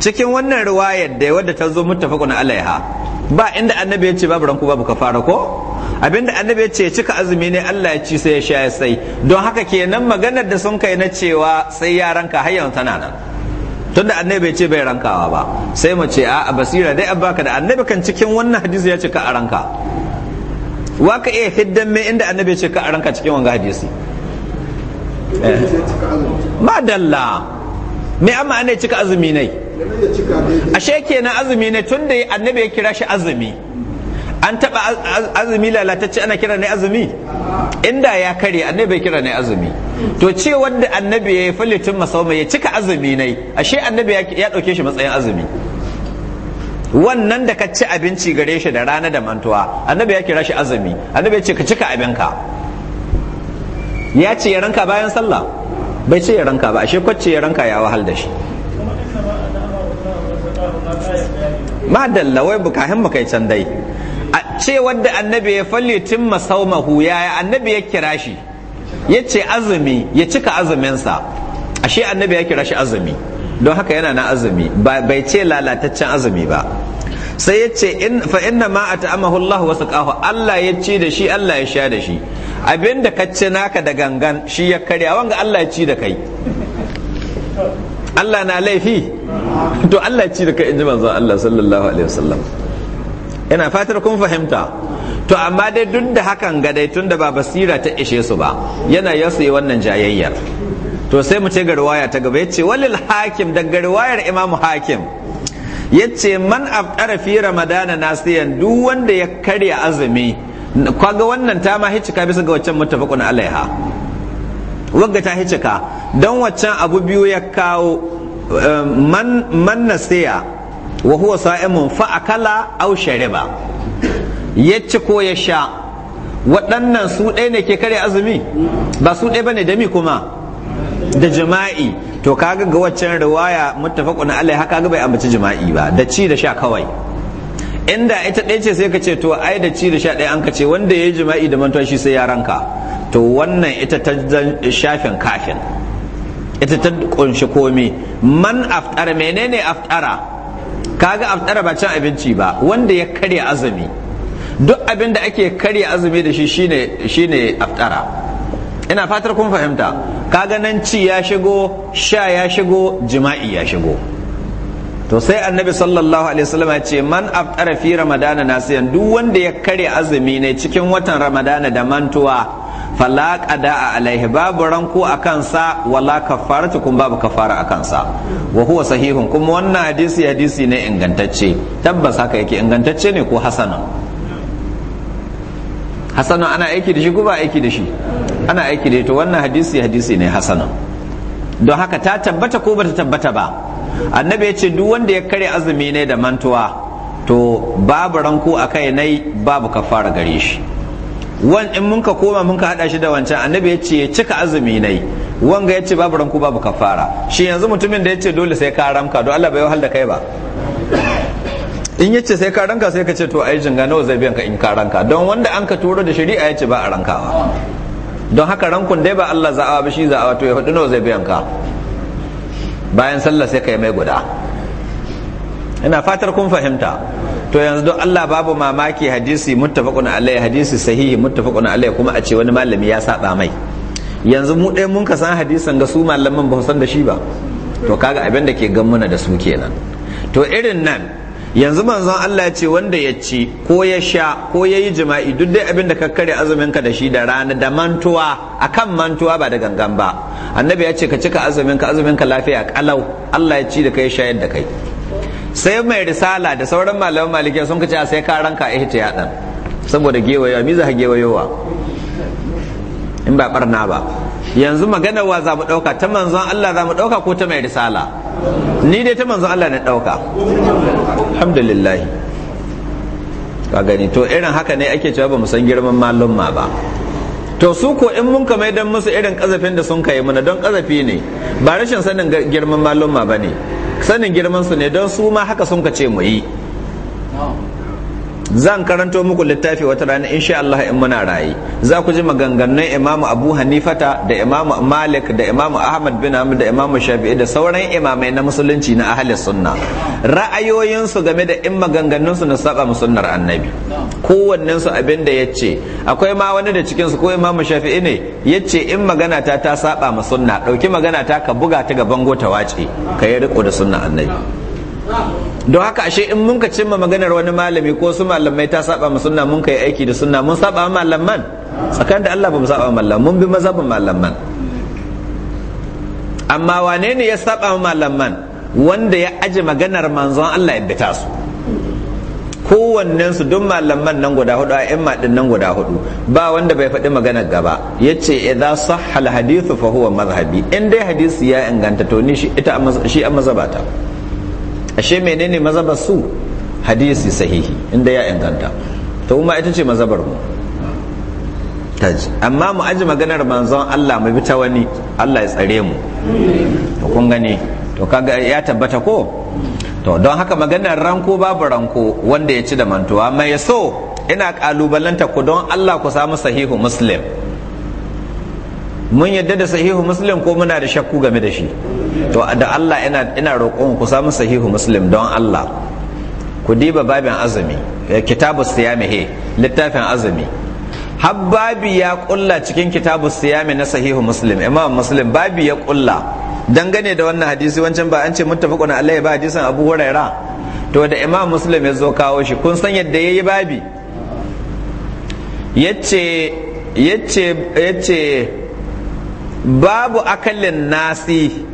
cikin wannan riwayar da wadda ta zo muttafaqun alaiha ba inda annabi ya ce babu ranko babu kafara ko abinda annabi ya ce cika azumi ne Allah ya ci sai ya sha ya sai don haka kenan maganar da sun kai na cewa sai yaranka har yanzu tana nan tunda annabi ce bai rankawa ba sai mu ce a basira dai baka da annabi kan cikin wannan hadisi ya ce ka a ranka wa ka iya hiddan me inda annabi ya ce ka a ranka cikin wannan hadisi eh. madalla me amma ne cika azumi ne ashe kenan azumi ne tunda annabi ya kira shi azumi an taba azumi lalatacce ana kira ne azumi inda ya kare annabi bai kira ne azumi to ce wanda annabi ya yi fallitin masauma ya cika azumi ne ashe annabi ya dauke shi matsayin azumi wannan da ka ci abinci gare shi da rana da mantuwa annabi ya kira shi azumi annabi ya ce ka cika abinka ya ce ya ranka bayan sallah bai ce ya ranka ba ashe kwacce ya ranka ya wahal da shi madalla wai bukahin mu kai can dai ce wadda annabi ya falle tun masaumahu yaya annabi ya kira shi ya ce azumi ya cika azuminsa ashe annabi ya kira shi azumi don haka yana na azumi bai ce lalataccen azumi ba sai ya ce fa inna ma a ta'amahu Allah wasu ƙahu Allah ya ci da shi Allah ya sha da shi abin da ka ci naka da gangan shi ya karya wanga Allah ya ci da kai Allah na laifi to Allah ya ci da kai in ji manzon Allah sallallahu alaihi wasallam ina fatar kun fahimta to amma dai duk da hakan ga dai tunda ba basira ta ishe su ba yana yasu yi wannan jayayyar to sai mu ce ga riwaya ta gaba yace walil hakim daga riwayar imamu hakim yace man afdara fi ramadana nasiyan duk wanda ya karya azumi kaga wannan ta ma hicika bisa ga waccan muttafaqun alaiha wagga ta hicika dan waccan abu biyu ya kawo eh, man man nasiya wa huwa sa'imun fa akala aw shariba yace ko ya sha waɗannan su ɗaya ne ke kare azumi ba su ɗaya bane da mi kuma da jima'i to kaga ga waccan riwaya muttafaqun alai haka ga bai ambaci jima'i ba da ci da sha kawai inda ita ɗaya ce sai ka ce to ai da ci da sha ɗaya an ka ce wanda ya yi jima'i da mantuwa shi sai yaranka to wannan ita ta shafin kafin ita ta kunshi komi man aftara menene aftara kaga amdara ba cin abinci ba wanda ya karya azumi duk abin da ake karya azumi da shi shine shine aftara ina fatar kun fahimta kaga nan ci ya shigo sha ya shigo jima'i ya shigo to sai annabi sallallahu alaihi wasallam ya ce man aftara fi ramadana nasiyan duk wanda ya karya azumi ne cikin watan ramadana da mantuwa fala qada alaihi babu ranko a kansa wala ta kun babu kafara a kansa wa huwa sahihun kuma wannan hadisi hadisi ne ingantacce tabbas haka yake ingantacce ne ko hasanan hasanan ana aiki da shi ko ba aiki da shi ana aiki da to wannan hadisi hadisi ne hasanan don haka ta tabbata ko bata tabbata ba annabi ya ce duk wanda ya kare azumi ne da mantuwa to babu ranko a kai nai babu kafara gare shi wan in mun ka koma mun ka hada shi da wancan annabi ya ce ya cika azumi nai wanga ya ce babu ranku babu kafara shi yanzu mutumin da ya ce dole sai ka ramka don Allah bai wahal da kai ba in ya ce sai ka ranka sai ka ce to ai jinga nawa zai biyan ka in ka ranka don wanda an ka turo da shari'a ya ce ba a rankawa don haka rankun dai ba Allah za'awa ba shi za'awa to ya faɗi nawa zai biyan ka bayan sallah sai ka yi mai guda ina fatar kun fahimta to yanzu don Allah babu mamaki hadisi muttafaqun alai hadisi sahihi muttafaqun alai kuma a ce wani malami ya saba mai yanzu mu ɗaya mun ka san hadisan ga su malaman ba san da shi ba to kaga abin da ke gan muna da su kenan to irin nan yanzu manzon Allah ya ce wanda ya ci ko ya sha ko ya yi jima'i duk dai abin da ka kare azumin ka da shi da rana da mantuwa akan mantuwa ba da gangan ba annabi ya ce ka cika azumin ka azumin ka lafiya kalau Allah ya ci da kai shayar da kai sai mai risala da sauran malaman malikiya sun kace sai ka ranka ihtiyadan saboda gewayowa, miza ha gewayowa. in ba barna ba yanzu magana wa za mu dauka ta manzon Allah za mu dauka ko ta mai risala ni dai ta manzon Allah na dauka alhamdulillah ka gani to irin haka ne ake cewa ba mu san girman malumma ba to su ko in mun kama dan musu irin kazafin da sun kai mana don kazafi ne ba rashin sanin girman malumma ba ne sanin girman su ne don su ma haka sun ka ce mu yi zan karanto muku littafi wata rana insha Allah in muna rayi za ku ji maganganun Imam Abu Hanifata da Imam Malik da Imam Ahmad bin Hanbal da Imam Shafi'i da sauran imamai na musulunci na ahli sunna Ra'ayoyinsu game da in maganganun su na saba sunnar annabi kowannen su abin da yace akwai ma wani da cikinsu ko Imam Shafi'i ne yace in magana ta ta saba sunna dauki magana ta ka buga ta ga bango ta wace ka yi riko da sunnar annabi don haka ashe in mun ka cimma maganar wani malami ko su malamai ta saba mu sunna mun kai aiki da sunna mun saba ma malaman tsakanin da Allah ba mu saba ma malaman mun bi mazhabin malaman amma wane ne ya saba ma malaman wanda ya aji maganar manzon Allah ya bita su kowannen su duk malaman nan guda hudu a yan madin nan guda hudu ba wanda bai faɗi maganar gaba yace idza sahhal hadithu fa huwa madhhabi in dai hadisi ya inganta to ni shi ita shi a mazhabata ashe menene mazhabar su hadisi sahihi inda ya inganta to kuma ita ce mazhabar mu taji amma mu aji maganar manzon Allah mu bi ta wani Allah ya tsare mu to kun gani to kaga ya tabbata ko to don haka maganar ranko babu ranko wanda ya ci da mantuwa mai so ina kalubalanta ku don Allah ku samu sahihu muslim mun yadda da sahihu muslim ko muna da shakku game da shi to da Allah ina ina roƙon ku samu sahihu muslim don Allah ku diba babin azumi eh, kitabu siyami he littafin azumi habbabi ya kulla cikin kitabu siyami na sahihu muslim imam muslim babi ya kulla dangane da wannan hadisi wancan ba an ce muttafaqun alaihi ba hadisin abu huraira to da imam muslim ya zo kawo shi kun san yadda yayi babi yace yace yace babu akalin nasi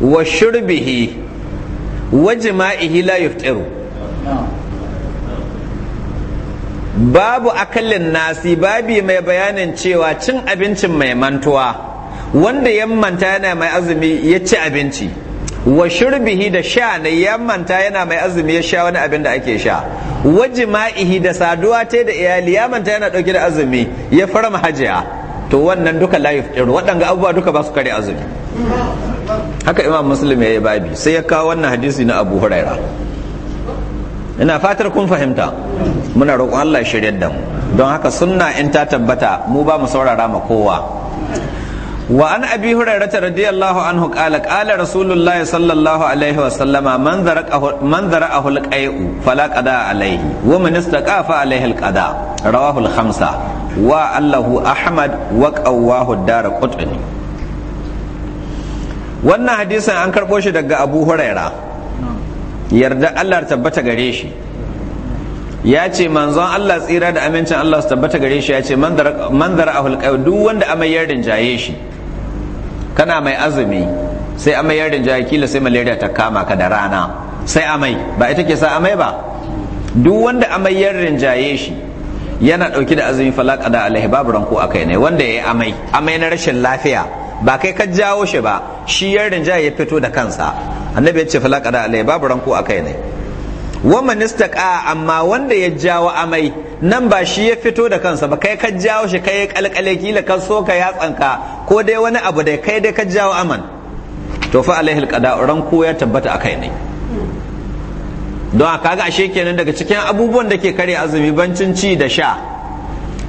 wa shurbihi wa jima'ihi la yuftiru babu akalin nasi babi mai bayanin cewa cin abincin mai mantuwa wanda ya manta yana mai azumi ya ci abinci wa shurbihi da sha ne ya manta yana mai azumi ya sha wani abin da ake sha wa jima'ihi da saduwa ta da iyali ya manta yana ɗauke da azumi ya farma hajiya to wannan duka layif ɗin waɗanga abubuwa duka ba su kare azumi haka imam muslim ya yi babi sai ya kawo wannan hadisi na abu huraira ina fatar kun fahimta muna roƙon allah shirya da mu don haka sunna in ta tabbata mu ba mu saurara ma kowa وعن أبي هريرة رضي الله عنه قال قال رسول الله صلى الله عليه وسلم من ذرأه من ذرأه القيء فلا قضاء عليه ومن استقى فعليه القضاء رواه الخمسة وأله أحمد وقواه الدار قطعني wannan hadisin an karɓo shi daga abu huraira yarda allah tabbata gare shi ya ce manzon allah tsira da amincin allah su tabbata gare shi ya ce man zara ahul duk wanda amai ya rinjaye shi kana mai azumi sai amayar da ya kila sai malaria ta kama ka da rana sai amai ba ita ke sa amai ba duk wanda amai amayar rinjaye shi yana dauki da azumi falaka da alaihi babu ranko akai ne wanda yi amai amai na rashin lafiya ba kai ka jawo shi ba shi ya rinja ya fito da kansa annabi ya ce falaka da alaihi babu ranko akai ne wa ka amma wanda ya jawo amai nan ba shi ya fito da kansa ba kai ka jawo shi kai kalkale kila ka so ka yatsanka ko dai wani abu dai kai dai ka jawo aman to fa alaihi alqada ko ya tabbata akai ne don kaga ashe kenan daga cikin abubuwan da ke kare azumi bancin ci da sha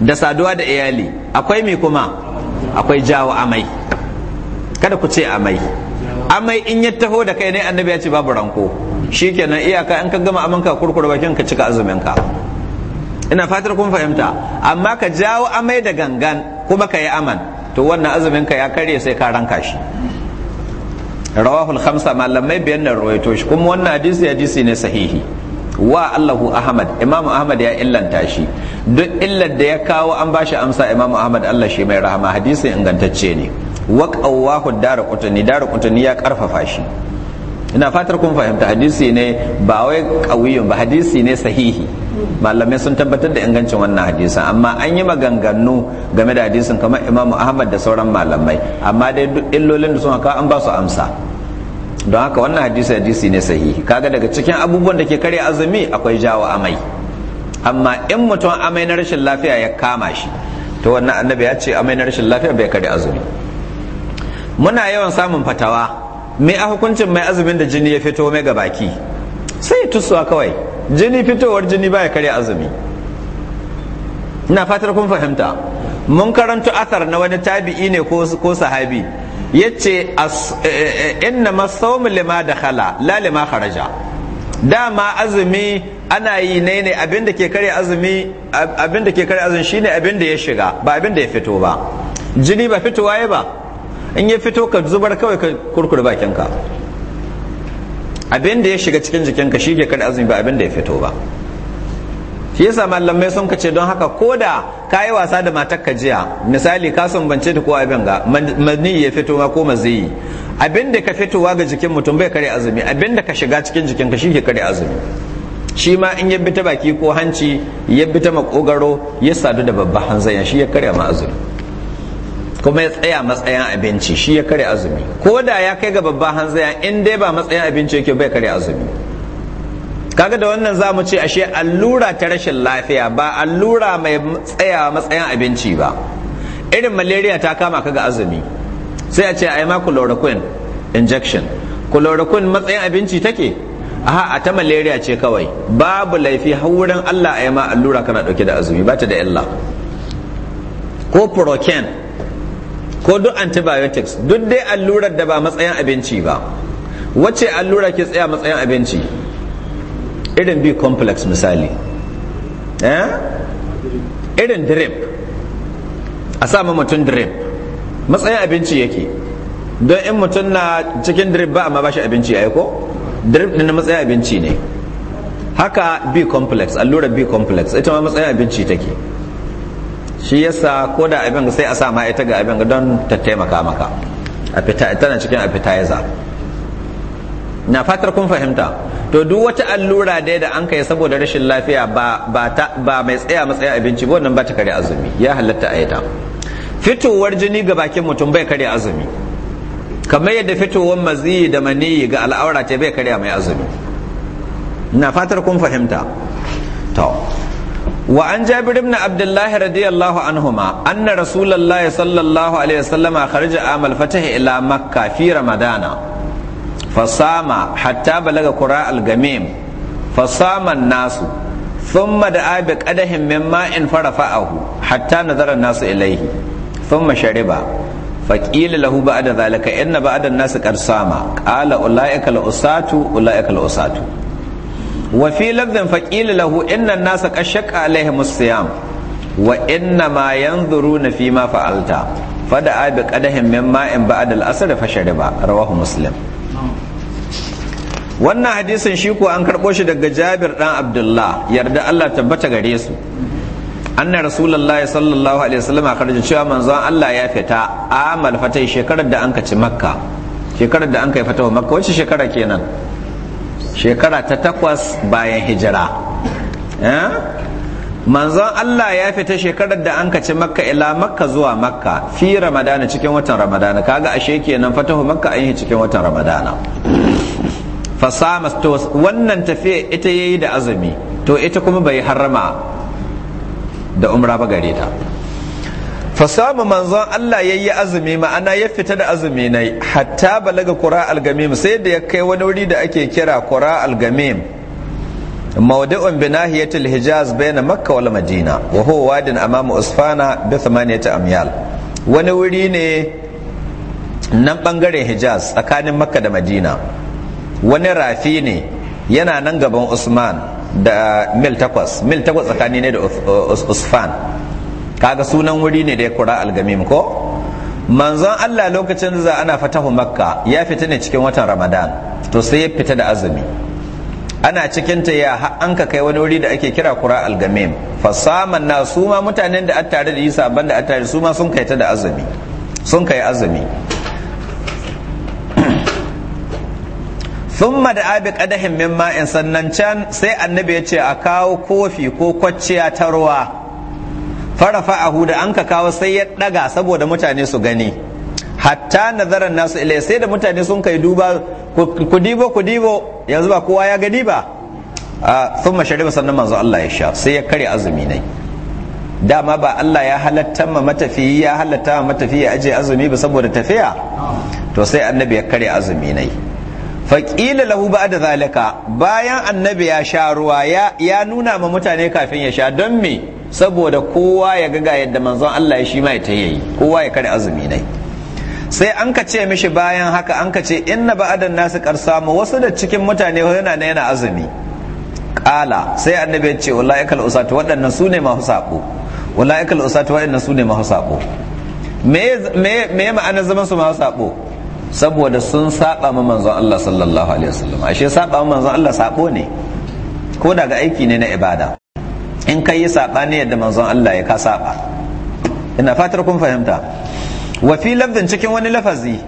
da saduwa da iyali akwai me kuma akwai jawo amai kada ku ce amai amai in ya taho da kai ne annabi ya ce babu ranko shikenan iyaka in ka gama amanka kurkur bakin ka cika azumin ka ina fatar kun fahimta amma ka jawo amai da gangan kuma ka yi aman to wannan azumin ka ya karye sai ka ranka shi rawahul khamsa malamai biyan da rawaito shi kuma wannan hadisi hadisi ne sahihi wa Allahu Ahmad Imam Ahmad ya illanta shi duk illar da ya kawo an bashi amsa Imam Ahmad Allah shi mai rahama hadisi ingantacce ne wa qawwahu dar qutni dar qutni ya karfafa shi ina fatar kun fahimta hadisi ne ba wai kawiyun ba hadisi ne sahihi malamai sun tabbatar da ingancin wannan hadisi amma an yi maganganu game da hadisin kamar imamu ahmad da sauran malamai amma dai duk illolin da sun haka an ba su amsa don haka wannan hadisi hadisi ne sahihi kaga daga cikin abubuwan da ke karya azumi akwai jawo amai amma in mutum amai na rashin lafiya ya kama shi to wannan annabi ya ce amai na rashin lafiya bai karya azumi muna yawan samun fatawa me a hukuncin mai azumin da jini ya fito mai ga baki sai tusuwa kawai jini fitowar jini ba ya karya azumi ina fatar kun fahimta mun karanto athar na wani tabi'i ne ko sahabi yace eh, eh, inna masawmu lima khala la lima kharaja dama azumi ana yi ne ne abinda ke karya azumi abinda ke karya azumi shine abinda ya shiga ba abinda ya fito ba jini ba fitowa ya ba in ya fito ka zubar kawai ka kurkure bakinka abin da ya shiga cikin jikinka shi ke kada azumi ba abin da ya fito ba shi yasa malamai sun kace don haka ko da ka yi wasa da matar ka jiya misali ka sumbance ta ko abin ga mani ya fito ma ko maziyi abin da ka fitowa ga jikin mutum bai kare azumi abin da ka shiga cikin jikinka shi ke kare azumi shi ma in ya bi ta baki ko hanci ya bi ta makogaro ya sadu da babban hanzayen shi ya kare ma azumi kuma ya tsaya matsayin abinci shi ya kare azumi ko da ya kai ga babban hanzayan in dai ba matsayin abinci yake bai kare azumi kaga da wannan za mu ce ashe allura ta rashin lafiya ba allura mai tsaya matsayin abinci ba irin malaria ta kama ka ga azumi sai a ce a yi ma chloroquine injection chloroquine matsayin abinci take aha a ta malaria ce kawai babu laifi har wurin Allah a yi ma allura kana dauke da azumi ba ta da illa ko procan. ko duk antibiotics duk dai allurar da ba matsayin abinci ba wacce allura ke tsaya matsayin abinci irin b complex misali eh irin drip a samu mutum drip matsayin abinci yake don in mutum na cikin drip ba amma ba shi abinci ya ko drip din matsayin abinci ne haka b complex allura b complex ita ma matsayin abinci take shi yasa ko da abin sai a sa ma ita ga abin don ta taimaka maka a fita tana cikin appetizer na fatar kun fahimta to duk wata allura dai da an kai saboda rashin lafiya ba ba ta ba mai tsaya matsaya abinci ba wannan ba ta kare azumi ya halatta a ita fitowar jini ga bakin mutum bai kare azumi kamar yadda fitowar maziyi da maniyi ga al'aura ce bai kare mai azumi na fatar kun fahimta to wa an jabir ibn abdullahi radiyallahu anhuma anna rasulullahi sallallahu alaihi wasallam kharaja amal fatah ila makka fi ramadana fasama hatta balaga kura al-gamim fasama an-nasu thumma da'a himmen qadahin min ma'in farafa'ahu hatta nazara nasu ilaihi thumma shariba faƙila lahu ba'da zalika inna ba'da an-nasi qad sama qala ulaika al-usatu ulaika al-usatu wa fi lafzin faqila lahu inna an-nasa qad shaqqa alaihim as-siyam wa inna ma yanzuruna fi ma fa'alta fada'a bi qadahin min ma'in ba'da ba asr fa shariba rawahu wannan hadisin shi ko an karɓo shi daga Jabir ɗan Abdullah yarda Allah tabbata gare su anna rasulullahi sallallahu alaihi wasallam a karjin cewa manzon Allah ya fita amal fatai shekarar da an kaci makka shekarar makka shekara kenan shekara ta takwas bayan hijira manzon Allah ya fita shekarar da an kaci makka ila makka zuwa makka fi ramadana cikin watan ramadana kaga ashe kenan fatahu makka an yi cikin watan ramadana Fasamas to wannan tafiya ita yayi da azumi to ita kuma bai harrama da umra ba gare ta fasamu manzon Allah ya yi azumi ma'ana ya fita da azumi na hatta balaga kura algamim sai da ya kai wani wuri da ake kira kura algamim maudu'un bi nahiyatil hijaz na makka wal madina wa huwa wadin amama usfana bi thamaniyati amyal wani wuri ne nan bangaren hijaz tsakanin makka da madina wani rafi ne yana nan gaban usman da mil takwas mil takwas tsakani ne da usfan kaga sunan wuri ne da ya kura algamim ko manzon Allah lokacin da ana fatahu makka ya fita ne cikin watan ramadan to sai ya fita da azumi ana cikin ta ya an ka kai wani wuri da ake kira kura algamim fasaman na su ma mutanen da attare da isa banda attare su ma sun kai ta da azumi sun kai azumi thumma da abi qadahin min ma'in sannan can sai annabi ya ce a kawo kofi ko kwacciya ta ruwa Farafa farafa'ahu da an ka kawo sai ya daga saboda mutane su gani hatta nazaran nasu ilai sai da mutane sun kai duba ku dibo ku dibo yanzu ba kowa ya gani ba a sun mashariba sannan manzo Allah ya sha sai ya karya azumi ne dama ba Allah ya halatta ma matafiyi ya halatta ma matafiyi aje azumi ba saboda tafiya to sai annabi ya karya azumi ne faƙila lahu ba zalika bayan annabi ya sha ruwa ya nuna ma mutane kafin ya sha don me saboda kowa ya ga yadda manzon Allah ya shi ma ya ta yi kowa ya kare azumi ne sai an ka ce mishi bayan haka an ka ce inna ba'adan nasu karsamu wasu da cikin mutane yana na yana azumi kala sai annabi ya ce wallahi kal usatu waɗannan su ne masu sako wallahi kal usatu waɗannan su ne masu sako me me me ma'anar zaman su masu sako saboda sun saba ma manzon Allah sallallahu alaihi wasallam ashe saba ma manzon Allah sako ne ko daga aiki ne na ibada in ka yi saɓani yadda manzon Allah ya ka saɓa ina fatar kun fahimta wa fi lafzin cikin wani lafazi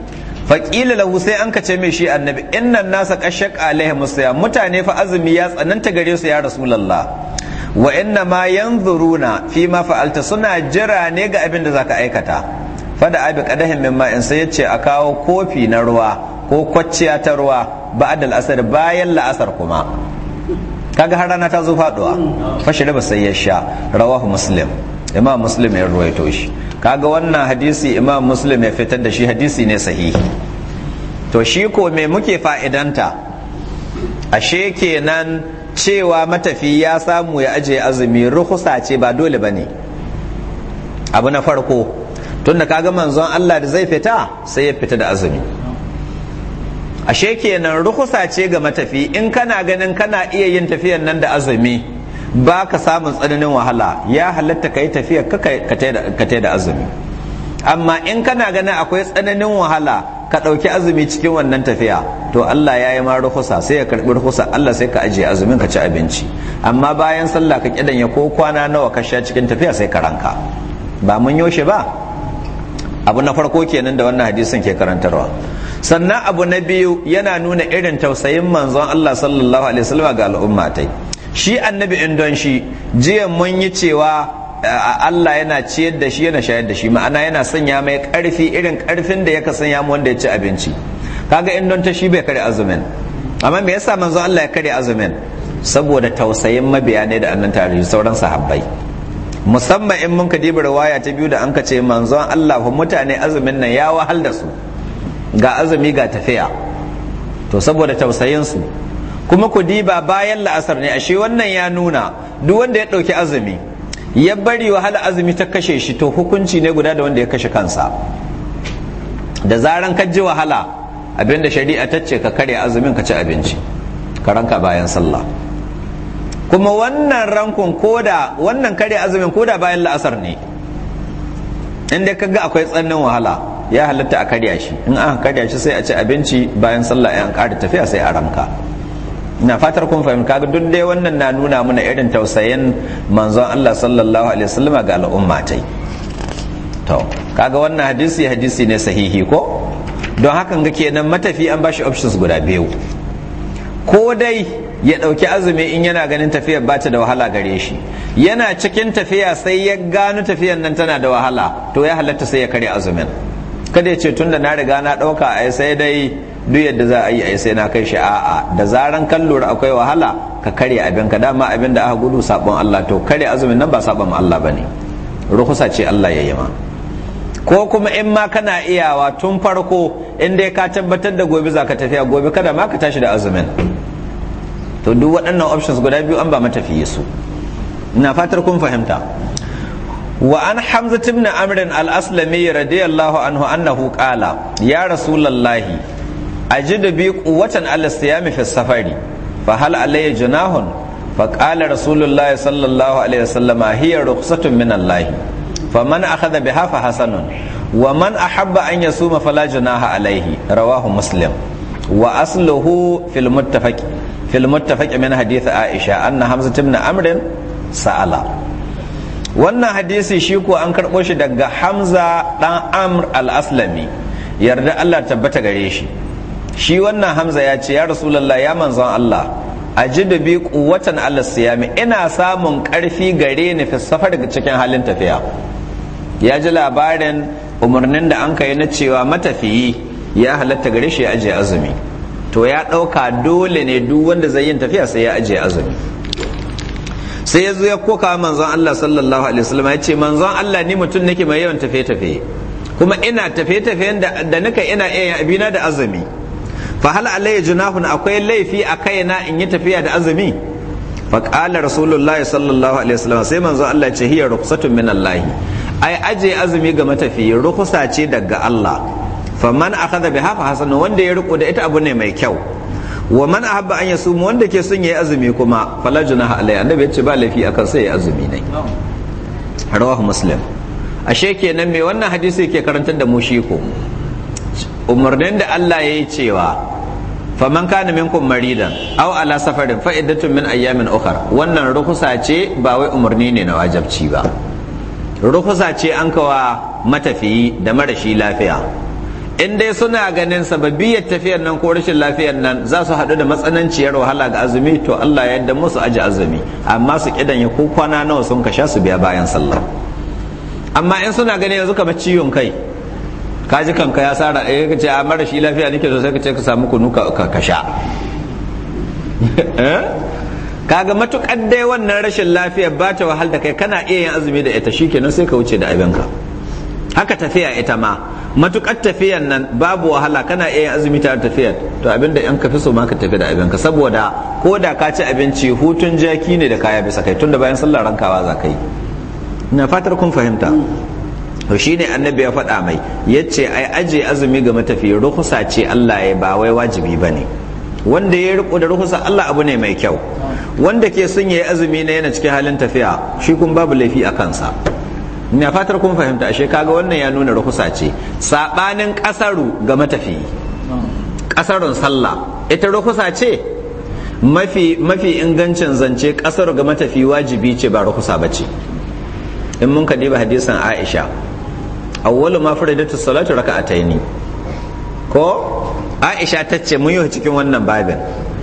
faƙila lahu sai an kace mai shi annabi innan nasa kashaq alaihi musaya mutane fa azumi ya tsananta gare su ya rasulullah wa inna ma yanzuruna fi ma fa'alta suna jira ne ga abin da zaka aikata fada abi qadahin min in sai yace a kawo kofi na ruwa ko kwacciya ta ruwa ba'da al bayan la'asar kuma kaga har rana ta zo faduwa fashiri ba sai ya sha rawahu muslim imam muslim ya ruwaito shi kaga wannan hadisi imam muslim ya fitar da shi hadisi ne sahihi to shi ko me muke fa'idanta ashe kenan cewa matafi ya samu ya ajiye azumi ruhusa ce ba dole bane abu na farko tunda kaga manzon Allah da zai fita sai ya fita da azumi ashe kenan rukusa ce ga matafi in kana ganin kana iya yin tafiyan nan da azumi ba ka samun tsananin wahala ya halatta ka yi tafiyar ka da azumi amma in kana ganin akwai tsananin wahala ka ɗauki azumi cikin wannan tafiya to Allah ya yi ma rukusa sai ya karɓi rukusa Allah sai ka ajiye azumin ka ci abinci amma bayan sallah ka ƙidan ya ko kwana nawa ka sha cikin tafiya sai ka ranka ba mun yaushe ba abu na farko kenan da wannan hadisin ke karantarwa sannan abu na biyu yana nuna irin tausayin manzon Allah sallallahu alaihi wasallam ga al'umma tai shi annabi indon shi jiya mun yi cewa Allah yana ciyar da shi yana shayar da shi ma'ana yana sanya mai karfi irin karfin da yaka sanya mu wanda ya ci abinci kaga indon ta shi bai kare azumin amma me yasa manzon Allah ya kare azumin saboda tausayin mabiya ne da annan tarihi sauran sahabbai musamman in mun kadibar waya ta biyu da an ka ce manzon Allah mutane azumin nan ya wahal da su ga azumi ga tafiya to saboda tausayinsu kuma ku diba bayan la'asar ne ashe wannan ya nuna duk wanda ya ɗauki azumi ya bari wahala azumi ta kashe shi to hukunci ne guda da wanda ya kashe kansa da zaran ka ji wahala abinda shari'a ta ce ka karya azumin ka ci abinci ka ranka bayan sallah kuma wannan rankun koda wannan karya azumin koda bayan la'asar ne inda ka ga akwai tsannin wahala ya halatta a karya shi in an karya shi sai a ci abinci bayan sallah an ƙara tafiya sai a ranka ina fatar kun fahimta kaga duk dai wannan na nuna mana irin tausayin manzon Allah sallallahu alaihi wasallama ga al'umma tai to kaga wannan hadisi hadisi ne sahihi ko don hakan ga kenan matafi an bashi options guda biyu ko dai ya ɗauki azumi in yana ganin tafiyar bata da wahala gare shi yana cikin tafiya sai ya gano tafiyar nan tana da wahala to ya halatta sai ya karya azumin kada ya ce tunda na riga na ɗauka a sai dai duk yadda za a yi a sai na kai shi a'a da zaran kan akwai wahala ka karya abin ka dama abin da aka gudu sabon Allah to karya azumin nan ba sabon Allah bane rukusa ce Allah ya yi ma ko kuma in ma kana iyawa tun farko in dai ka tabbatar da gobe za ka tafiya gobe kada ma ka tashi da azumin to duk waɗannan options guda biyu an ba matafiye su ina fatar kun fahimta wa an hamza ibn amr al radiyallahu anhu annahu ƙala ya rasulullahi ajidu bi quwwatan al-siyami fi safari fa hal alayya fa ƙala rasulullahi sallallahu alaihi wasallam hiya rukhsatun min Fa man akhadha biha fa hasanun wa man ahabba an suma fala junaha alaihi rawahu muslim wa asluhu fil min hadith aisha anna hamza ibn amr sa'ala wannan hadisi shi ko an karɓo shi daga hamza ɗan amr al-aslami yarda allah tabbata gare shi shi wannan hamza ya ce ya rasulallah ya manzon allah a ji da bi kuwatan allah siyami ina samun ƙarfi gare ni fi safar daga cikin halin tafiya ya ji labarin umarnin da an kai na cewa matafiyi ya halatta gare shi ya ajiye azumi to ya ɗauka dole ne duk wanda zai yin tafiya sai ya ajiye azumi sai ya zo ya koka manzon Allah sallallahu alaihi wasallam ya ce manzon Allah ni mutum nake mai yawan tafe-tafe kuma ina tafe tafe da nika ina iya abina da azumi fa hal alayya junahun akwai laifi a kaina in yi tafiya da azumi fa qala rasulullahi sallallahu alaihi wasallam sai manzon Allah ya ce hiya rukhsatun min Allah ai aje azumi ga matafi rukhsa ce daga Allah Fa faman akhadha biha fa hasan wanda ya riko da ita abu ne mai kyau wa man ahabba an yasum wanda ke son yayi azumi kuma fala junaha alai annabi yace ba laifi akan sai yayi azumi ne rawahu muslim ashe kenan me wannan hadisi yake karantar da mu shi ko umarnin da Allah yayi cewa faman kana minkum maridan aw ala safarin fa iddatun min ayyamin ukhra wannan rukusa ce ba wai umarni ne na wajabci ba rukusa ce an kawa matafiyi da marashi lafiya in dai suna ganin sababiyar tafiyar nan ko rashin lafiyar nan za su haɗu da matsananciyar wahala ga azumi to Allah ya yarda musu aji azumi amma su kidan ya ko kwana nawa sun kasha su biya bayan sallah amma in suna ganin yanzu kamar ciwon kai ka ji kanka ya sara eh kace a mara shi lafiya nake so sai kace ka samu kunu ka kasha eh? kaga matukar dai wannan rashin lafiyar ba ta wahal da kai kana iya yin azumi da ita shikenan sai ka wuce da abinka haka tafiya ita ma matukar tafiyan nan babu wahala kana iya yin azumi tare tafiyar to abinda yan fi so ma ka tafi da abin ka. saboda ko da ka ci abinci hutun jaki ne da kaya bisa kai tunda bayan sallar rankawa za ka yi ina fatar kun fahimta to shine annabi ya faɗa mai yace ai aje azumi ga matafi ruhusa ce Allah ya ba wai wajibi ba ne. wanda ya riko da ruhusa Allah abu ne mai kyau wanda ke son yi azumi na yana cikin halin tafiya shi kun babu laifi a kansa ina fatar kun fahimta ashe kaga wannan ya nuna rukusa ce sabanin kasaru ga matafi kasarun sallah ita rukusa ce mafi mafi ingancin zance kasaru ga matafi wajibi ce ba rukusa ba ce in mun ka diba hadisan Aisha awwalu ma faridatu salatu raka'ataini ko Aisha ta ce mun yi cikin wannan babin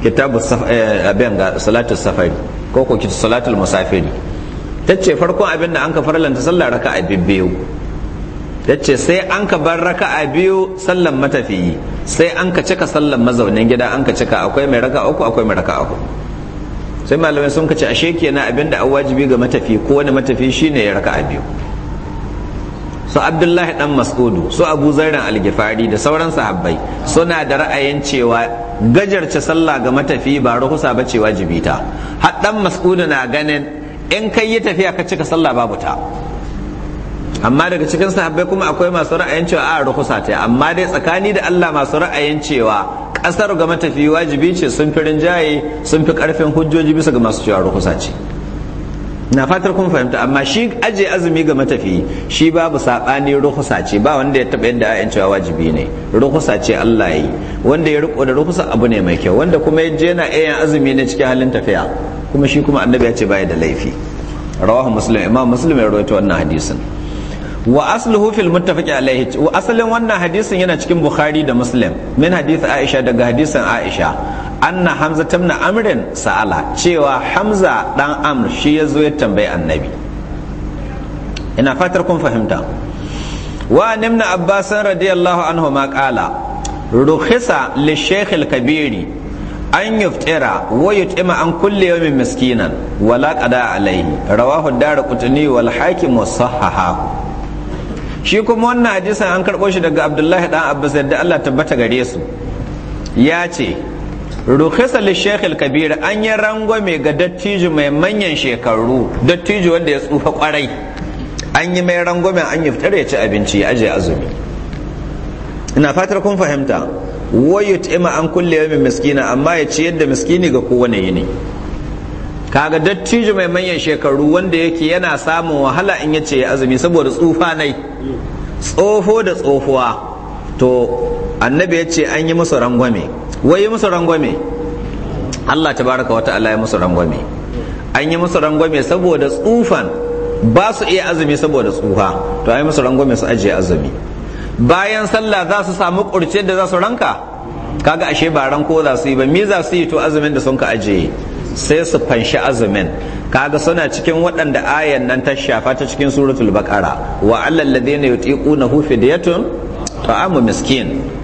kitabu eh, abin ga salatu safari ko ko salatu musafiri ta ce farko abin da an ka farlanta sallah raka'a biyu ta ce sai an ka bar raka'a biyu sallan matafiyi sai an ka cika sallan mazaunin gida an ka cika akwai mai raka'a uku akwai mai raka'a uku sai malamai sun kace ashe kenan abin da an wajibi ga matafi ko wani matafi shine ya raka'a biyu su abdullahi dan mas'udu su abu zairan algifari da sauran sahabbai suna da ra'ayin cewa gajarce sallah ga matafi ba rukusa ba ce wajibi ta dan mas'udu na ganin in kai yi tafiya ka cika sallah babu ta amma daga cikin sahabbai kuma akwai masu ra'ayin cewa a rukusa ta amma dai tsakani da Allah masu ra'ayin cewa kasar ga matafi wajibi ce sun fi rinjaye sun fi karfin hujjoji bisa ga masu cewa rukusa ce na fatar kun fahimta amma shi aje azumi ga matafi shi babu sabani ruhusa ce ba wanda ya taba yadda ayan cewa wajibi ne ruhusa ce Allah yi wanda ya riko da ruhusa abu ne mai kyau wanda kuma ya je na ayan azumi ne cikin halin tafiya kuma shi kuma annabi ya ce baya da laifi rawahu muslim imam muslim ya rawaito wannan hadisin wa asluhu fil muttafaqi alaihi wa asalin wannan hadisin yana cikin bukhari da muslim min hadith aisha daga hadisin aisha anna hamza tamna amrin sa'ala cewa hamza dan amr shi ya zo ya tambayi annabi ina fatar kun fahimta wa nimna abbasan radiyallahu anhu ma qala rukhisa li shaykh al-kabiri an yuftira wa yut'ima an kulli yawmin miskinan wala qada alayhi rawahu dar qutni wal hakim sahaha shi kuma wannan hadisin an karbo shi daga abdullahi dan abbas da Allah tabbata gare su ya ce rukhisa li Kabiru kabir an yi rangwame ga dattijo mai manyan shekaru dattijo wanda ya tsufa kwarai an yi mai rangwame an yi fitar ya ci abinci ya aje azumi ina fatar kun fahimta wayu ima an kulle min miskina amma ya ci yadda miskini ga kowane yini kaga dattijo mai manyan shekaru wanda yake yana samun wahala in ya ce azumi saboda tsufa nai tsofo da tsofuwa to annabi ya ce an yi musu rangwame wai yi musu rangwame Allah ta baraka wa ta'ala ya musu rangwame an yi musu rangwame saboda tsufan ba su iya azumi saboda tsufa to yi musu rangwame su ajiye azumi bayan sallah za su samu kurce da za su ranka kaga ashe ba ranko za su yi ba me za su yi to azumin da sun ka ajiye sai su fanshi azumin kaga suna cikin waɗanda ayan nan ta shafa ta cikin suratul baqara wa alal ladina yutiquna hu fidyatun ta'amu miskin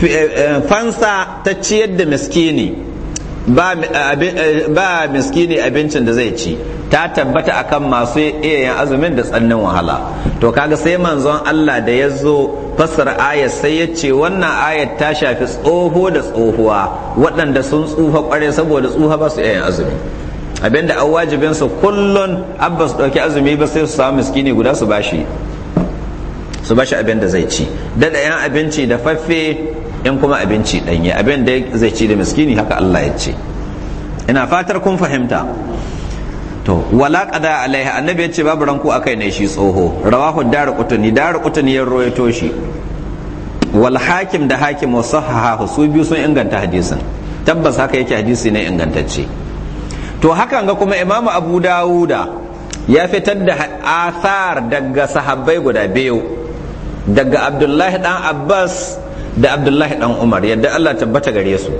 Eh, eh, fansa ta ciyar da miskini eh, ba miskini abincin da zai ci ta tabbata akan masu iya yin azumin da tsannin wahala to kaga sai manzon Allah da ya zo fassara ayat sai ya ce wannan ayat ta shafi tsoho da tsohuwa waɗanda sun tsufa kware saboda tsufa ba su iya yin azumi abinda an su kullun abbas ɗauki azumi ba sai su samu miskini guda su bashi su bashi abin da zai ci dada yan abinci da faffe in kuma abinci ɗanye abin da zai ci da miskini haka Allah ya ce ina fatar kun fahimta to wala qada alaiha annabi ya ce babu ranku kai ne shi tsoho rawahu daru qutni daru qutni ya royato shi wal hakim da hakim wa sahaha su biyu sun inganta hadisin tabbas haka yake hadisi ne ingantacce to hakan ga kuma imamu abu dawuda ya fitar da athar daga sahabbai guda biyu daga abdullahi dan abbas da abdullahi dan umar yadda allah tabbata gare su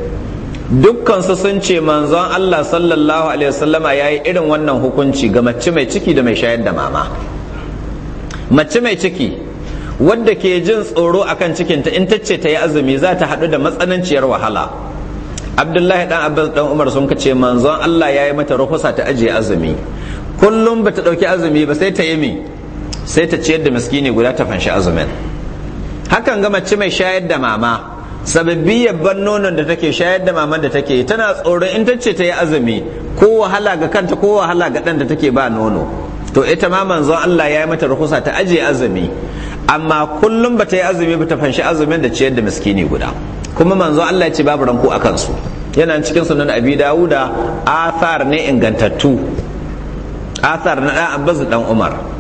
dukkansu sun ce manzon allah sallallahu alaihi wasallama ya yi irin wannan hukunci ga mace mai ciki da mai shayar da mama mace mai ciki wadda ke jin tsoro akan cikinta in ta ce ta yi azumi za ta haɗu da matsananciyar wahala abdullahi dan abbas dan umar sun kace manzon allah ya yi mata rufusa ta ajiye azumi kullum bata ta ɗauki azumi ba sai ta yi mi sai ta ciyar da miskini guda ta fanshi azumin hakan ga mace mai shayar da mama sababbi yabban nonon da take shayar da mama da take tana tsoron in tace ta yi azumi ko wahala ga kanta ko wahala ga ɗan da take ba nono to ita ma manzon Allah ya yi mata rukusa ta ajiye azumi amma kullum ba ta yi azumi ba ta fanshi azumin da ciyar da miskini guda kuma manzon Allah ya ce babu ranko a kansu yana cikin sunan abi dawuda athar ne ingantattu athar na dan abbas dan umar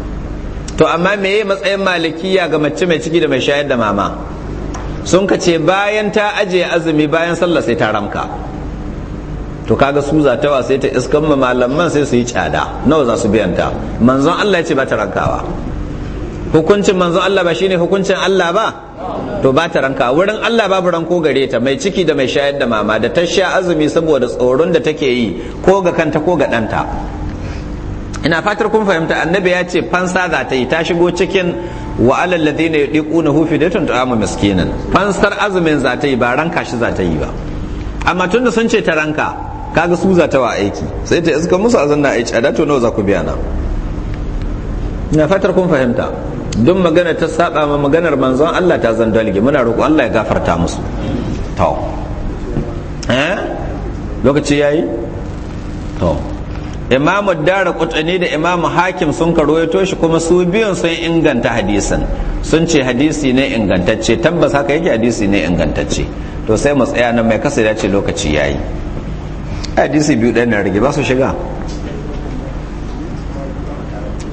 to amma me meye matsayin malikiya ga mace mai ciki da mai shayar da mama sun ka ce bayan ta aje azumi bayan sallah sai ta ramka to kaga su za ta sai ta iskan ma malaman sai su yi tsada nawa za su biyan ta manzon Allah ya ce ba ta rankawa hukuncin manzon Allah ba shine hukuncin Allah ba to ba ta ranka wurin Allah babu ranko gare ta mai ciki da mai shayar da mama da ta sha azumi saboda tsoron da take yi ko ga kanta ko ga ɗanta ina fatar kun fahimta annabi ya ce fansa za ta yi ta shigo cikin wa alal ladina yudiquna hu fidatun ta'amu miskinan fansar azumin za ta yi ba ranka shi za ta yi ba amma tunda sun ce ta ranka kaga su za ta wa aiki sai ta iska musu azan na aiki adatu nawa za ku biya na ina fatar kun fahimta duk magana ta saba ma maganar manzon Allah ta zan dalge muna roƙo Allah ya gafarta musu to eh lokaci yayi to imamu dara kutani da imamu hakim sun karwaito shi kuma su biyun sun inganta hadisin sun ce hadisi ne ingantacce tabbas haka yake hadisi ne ingantacce to sai mu tsaya nan mai kasa ya ce lokaci yayi hadisi biyu ɗaya na rage ba su shiga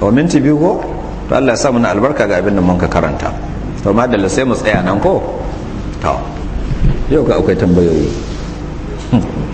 o minti biyu ko to Allah ya sa muna albarka ga abin da mun ka karanta to madalla sai mu tsaya nan ko to yau ga akwai tambayoyi